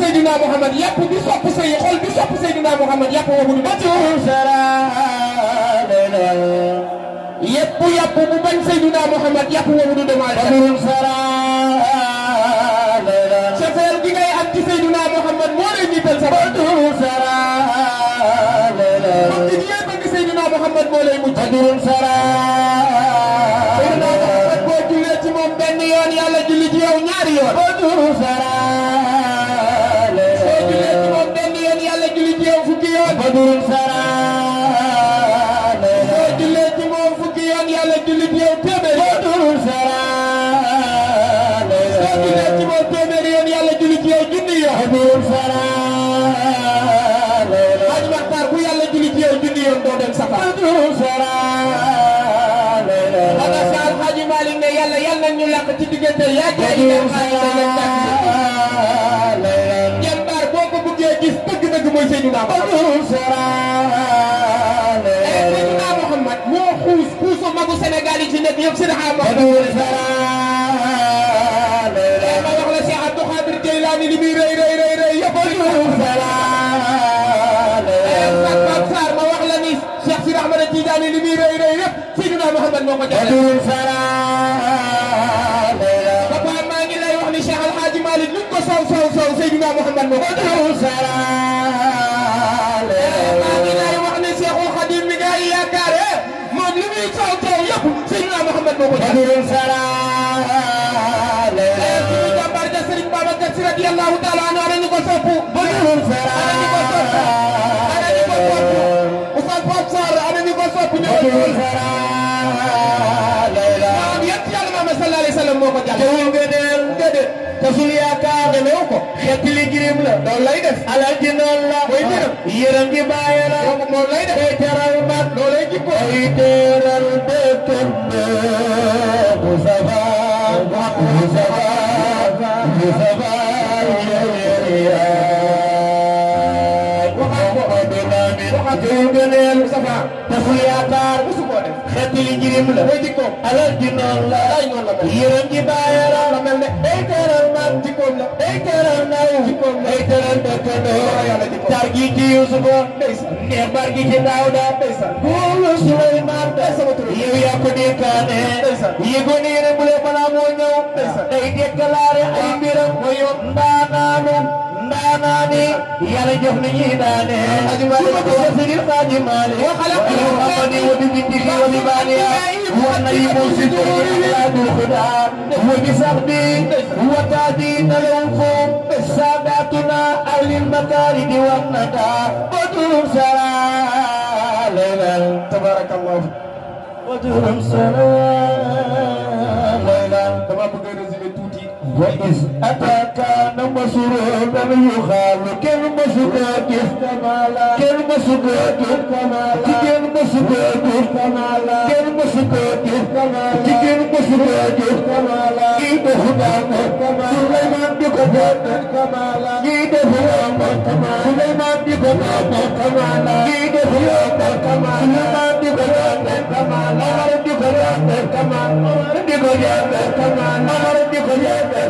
Seydina Muhammad yàpp bi sopp say xol bi sopp Seydina Muhammad yàpp woowu du bàcc yëpp yàpp bu bañ Seydina Muhammad yàpp woowu du demaat chauffeur gi ngay am ci Seydina Muhammad moo lay jiital sa bopp am ci yéen bëgg Seydina Muhammad moo lay mucc Seydina Muhammad boo jullee ci moom benn yoon yàlla julli ci yow ñaari yoon Badru Saraan boo jullee ci moom fukki yoon yàlla jullit yow téeméer Badru Saraan boo jullee ci moom téeméer yoon yàlla jullit yow junni yoon Badru Saraan Aj Maxtaar bu yàlla jullit yow junni yoon doo dem safar Badru Saraan ana Saal Xaji Malik ne yàlla yàlla ñu làq ci diggante yaa سيدنا محمد moo xuus xuusu magu Sénégal yi ci nekk yëpp seen xaar wax ma wax la Cheikh Abdou Khadir Jeylaani li muy rëy rëy rëy rëy yëpp Pape Sarr ma wax la ni Cheikh Sidi Ahmad Tidiane li muy rëy rëy yëpp Seydina Mohamed moo ko papa maa ngi lay wax ni Cheikh Alhaji Malick lu ko saw saw saw Seydina Mohamed moo ko badurun sara leesu jambar ja sëriñ Babacar Si radiyallahu taala anu ana ñu ko sopp badurun sara ana ñu ko sopp Oustaz Pape Sarr ana ñu ko sopp badurun sara leela yàlla Muhammad sallallahu alayhi wa sallam moo ko jàll de te suñu yaakaar da lew ko xettali jirim la loolu lay def alal ji noonu la mooy mbiram yërëm ji bàyyi la loolu lay def day teral mat loolu lay jikko ay teral dëkkam Mustafa Mustafa Mustafa waxaat ko aduna mi te suñu yaakaar xettali njirim la day jikkoom alal ji noonu la ay noonu la mel yërëm ji bàyyara la mel ne day teral maam jikkoom la day teral naaw jikkoom la day teral dëkkandoo yàlla jikkoom tar ay mbiram mooy yoon mbaanaanam daanaani yàlla jox nañuy daane. Sëriñ Xaaji Maalik وخلقني وببنته وببانها والنبي مرشد وعباد الخدع وبصحبي وتادي نلوكم ساداتنا اهل المكارم والندى وجوه سرى ليلا تبارك الله وجوه سرى وإذ أتاك نمسر من يخال كلمة سكاك كلمة سكاك كلمة سكاك كلمة سكاك كلمة سكاك إيد خدام سليمان بكبات إيد خدام سليمان بكبات إيد خدام سليمان بكبات أمر بكبات أمر بكبات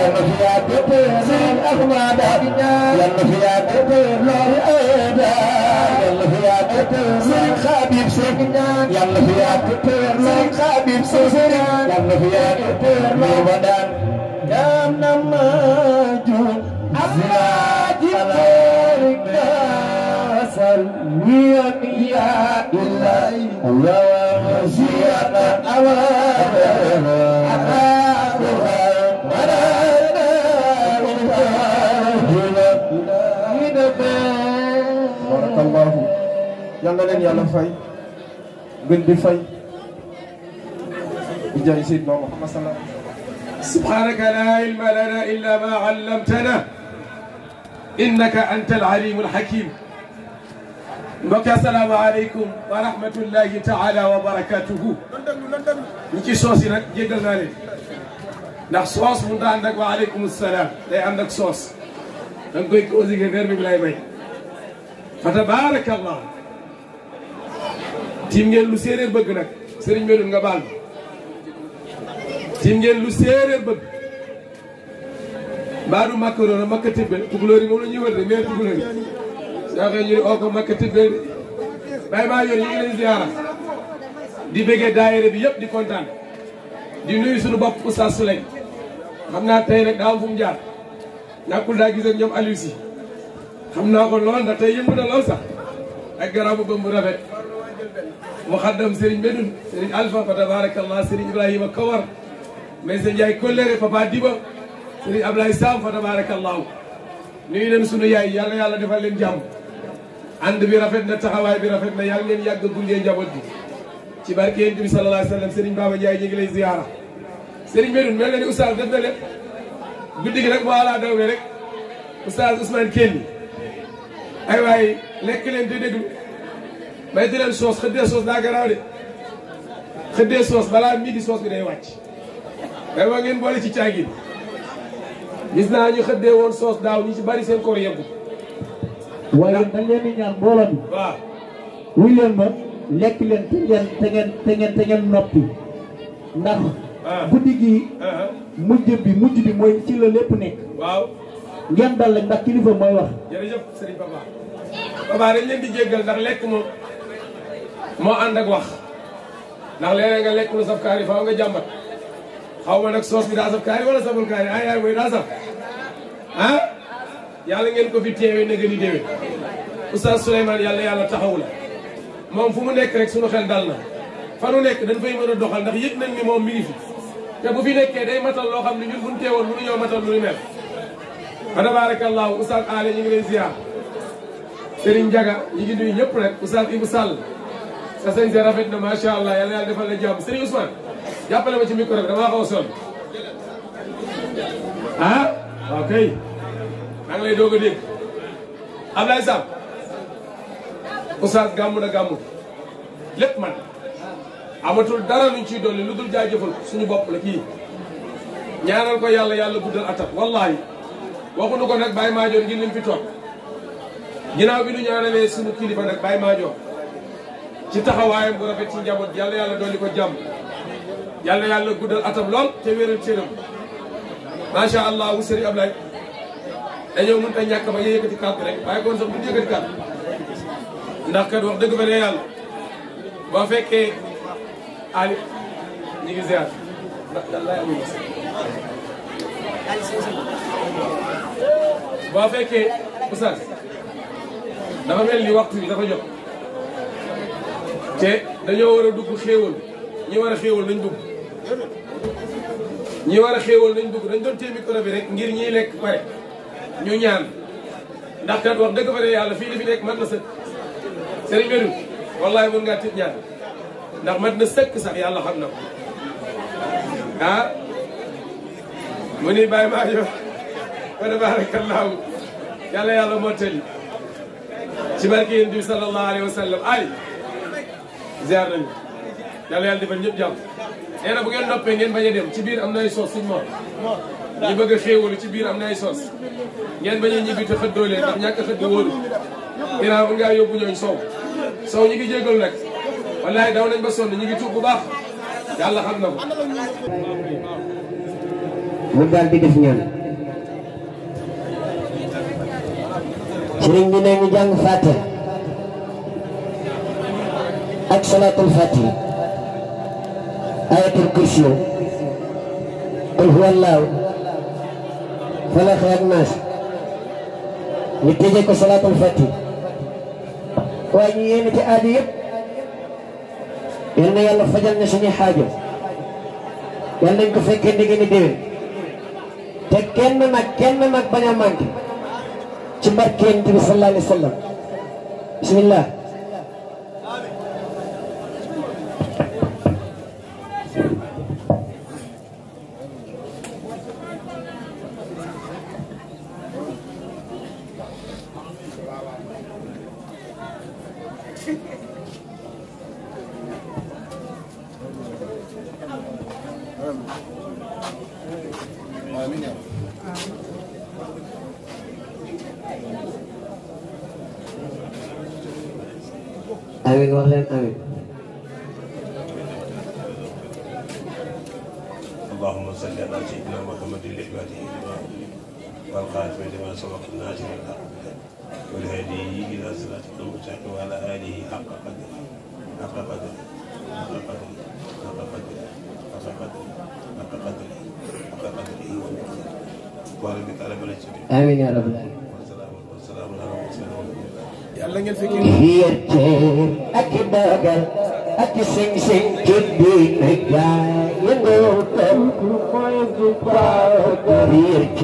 yal na fi yaa bépp Serigne Ahmad Abidjan yal na fi yaa bépp Lori Aida yal na fi yaa bépp Serigne Khabib Seydina yal na fi yaa bépp Serigne Khabib Seydina yal na fi yaa bépp Ramadan jam na ma juum aslaaji barika salmiyan yaa ilahi wa wasiyata awaa يالا لين يالا فاي غن دي فاي جاي سيدنا محمد صلى الله عليه وسلم سبحانك لا علم لنا الا ما علمتنا انك انت العليم الحكيم مكا السلام عليكم ورحمه الله تعالى وبركاته نكي صوصي نك جيدنا لي ناخ صوص مو دا عندك وعليكم السلام داي عندك صوص دا نكوي كوزي غير بلاي باي فتبارك الله tiim ngeen lu séeréer bëgg nag sëriñ Medoune nga baal tiim ngeen lu séeréer bëgg mbaa du macarona makka tibbe tukulóor yi moom la ñuy ñu ne oo ko makka tibbe de bay baa yoon ñu di bëggee daayere bi yëpp di kontaan di nuyu bopp Oustaz Souley xam naa tey rek daa am fu mu jaar ñàkkul daa gis ak ñoom Aliou si xam naa ko lool ndax tey yëngu na lool sax ak garabu bëm bu rafet وخدم سيرين بدن سيرين ألفا فتبارك الله سيرين إبراهيم كور ميزن جاي كل ري فباديبا سيرين أبلا إسلام فتبارك الله نيلن سنو ياي يالا يالا دفالين جام عند بي رفت نتخواي بي رفت نيال نين ياغ دولين جابود دي تبارك ينتمي صلى الله عليه وسلم سيرين بابا جاي جيغلي زيارة سيرين بدن ملني أسال دفل بدي غرق وعلا دو غرق أستاذ أسمان كيني أيوة لكن لن تدقل ما يدري أن سوس خدي سوس داعرالي خدي سوس بلا ميدي سوس كده يواجه أبغى عن بالي تيجي نزنا أجي خدي وان سوس داو نيجي باري سين كوريا بو وين تليني يا بولم ويليام بن لكن تليني تليني تليني تليني نوبي نه بديجي مجيب مجيب موي تيلو لبنك يندل عندك كلفه مايوه يا رجب سري بابا بابا رجب تيجي قال دار لك مو moo ànd ak wax ndax léeg-léeg nga lekk lu saf kaari faaw nga jàmbat xaw ma nag soos bi daa saf kaari wala saful kaari ay ay mooy daa saf ah yàlla ngeen ko fi teewee na gën i déwén oustaz yàlla yàlla taxawu la moom fu mu nekk rek sunu xel dal na fa nu nekk dan fay mën a doxal ndax yëg nañ ni moom mi ngi fi te bu fi nekkee day matal loo xam ne ñun bu ñu teewoon mënuñoo matal lu ñu mel fa tabaarakallaahu oustaz Aale ñu ngi lay ziar Serigne Ndiaga ñu ngi nuyu ñëpp rek oustaz sa sañ see rafet na allah yal na yàlla defal la jàmm Serigne Ousmane jàppale ma ci micro bi damaa xaw a sonn ah waaw kay lay doog a dégg Sam Oustaz gàmmu na gàmmu lépp man amatul dara nuñ ciy dolli lu dul jaajëfal suñu bopp la kii ñaanal ko yàlla yàlla guddal atam wallahi waxuñu ko nag Baye Madior ngir lim fi toog ginnaaw bi ñu ñaanalee suñu kilifa nag Baye Madior ci taxawaayam bu rafet ci njaboot yàlla yàlla ko jàmm yàlla yàlla guddal atam lool te wéral cëram macha allah wu sëriñ Ablaye dañoo mënut a ñàkk ba nga yëkkati kàddu rek waaye kon sax bu ñu yëkkati kàddu ndax kat wax dëgg fa ne boo fekkee Ali ñu ngi ziar ndax yàlla amul mas. boo mel ni waxtu dafa jot. te dañoo war a dugg xéewal ñi war a xéewal nañ dugg ñi war a xéewal nañ dugg dañ doon téye micro bi rek ngir ñiy lekk pare ñu ñaan ndax kat wax dëgg fa ne yàlla fii li fi mat na sëkk sëriñ Bedu wallahi mën ngaa na sëkk sax yàlla xam na ko ah mu ni bàyyi maa yo fa tabaarakallaahu yàlla yàlla mottali ci barke yéen bi wa sallam ay ziar nañu yàlla yàlla defal ñëpp jàmm nee na bu ngeen noppee ngeen bañ a dem ci biir am na ay soos suñu moom ñi bëgg a ci biir am na ay sos ngeen bañ a ñibbi te xëddoo leen ndax ñàkk a xëdd wóoru dinaa bu ngaa yóbbu ñooñ soow soow ñi ngi jégalu nag wallaay daw nañ ba sonn ñi ngi tuub bu baax yàlla xam na ko mu di def ñaan sëriñ bi ne ñu jàng fàtte ak salatul fatih ayatul kursi qul huwallahu fala ak nas ñu ko salatul fatih waaye ñu yéene ci aadi yëpp yal yalla fajal na suñu haajo yal nañ ko fekkee ni déwén te kenn nak kenn nak baña manki ci barkeen bi sallallahu alayhi wasallam sallam bismillah amin ya rabbal alamin Yiyate ak sing-sing kibinigay Yan utang ko ay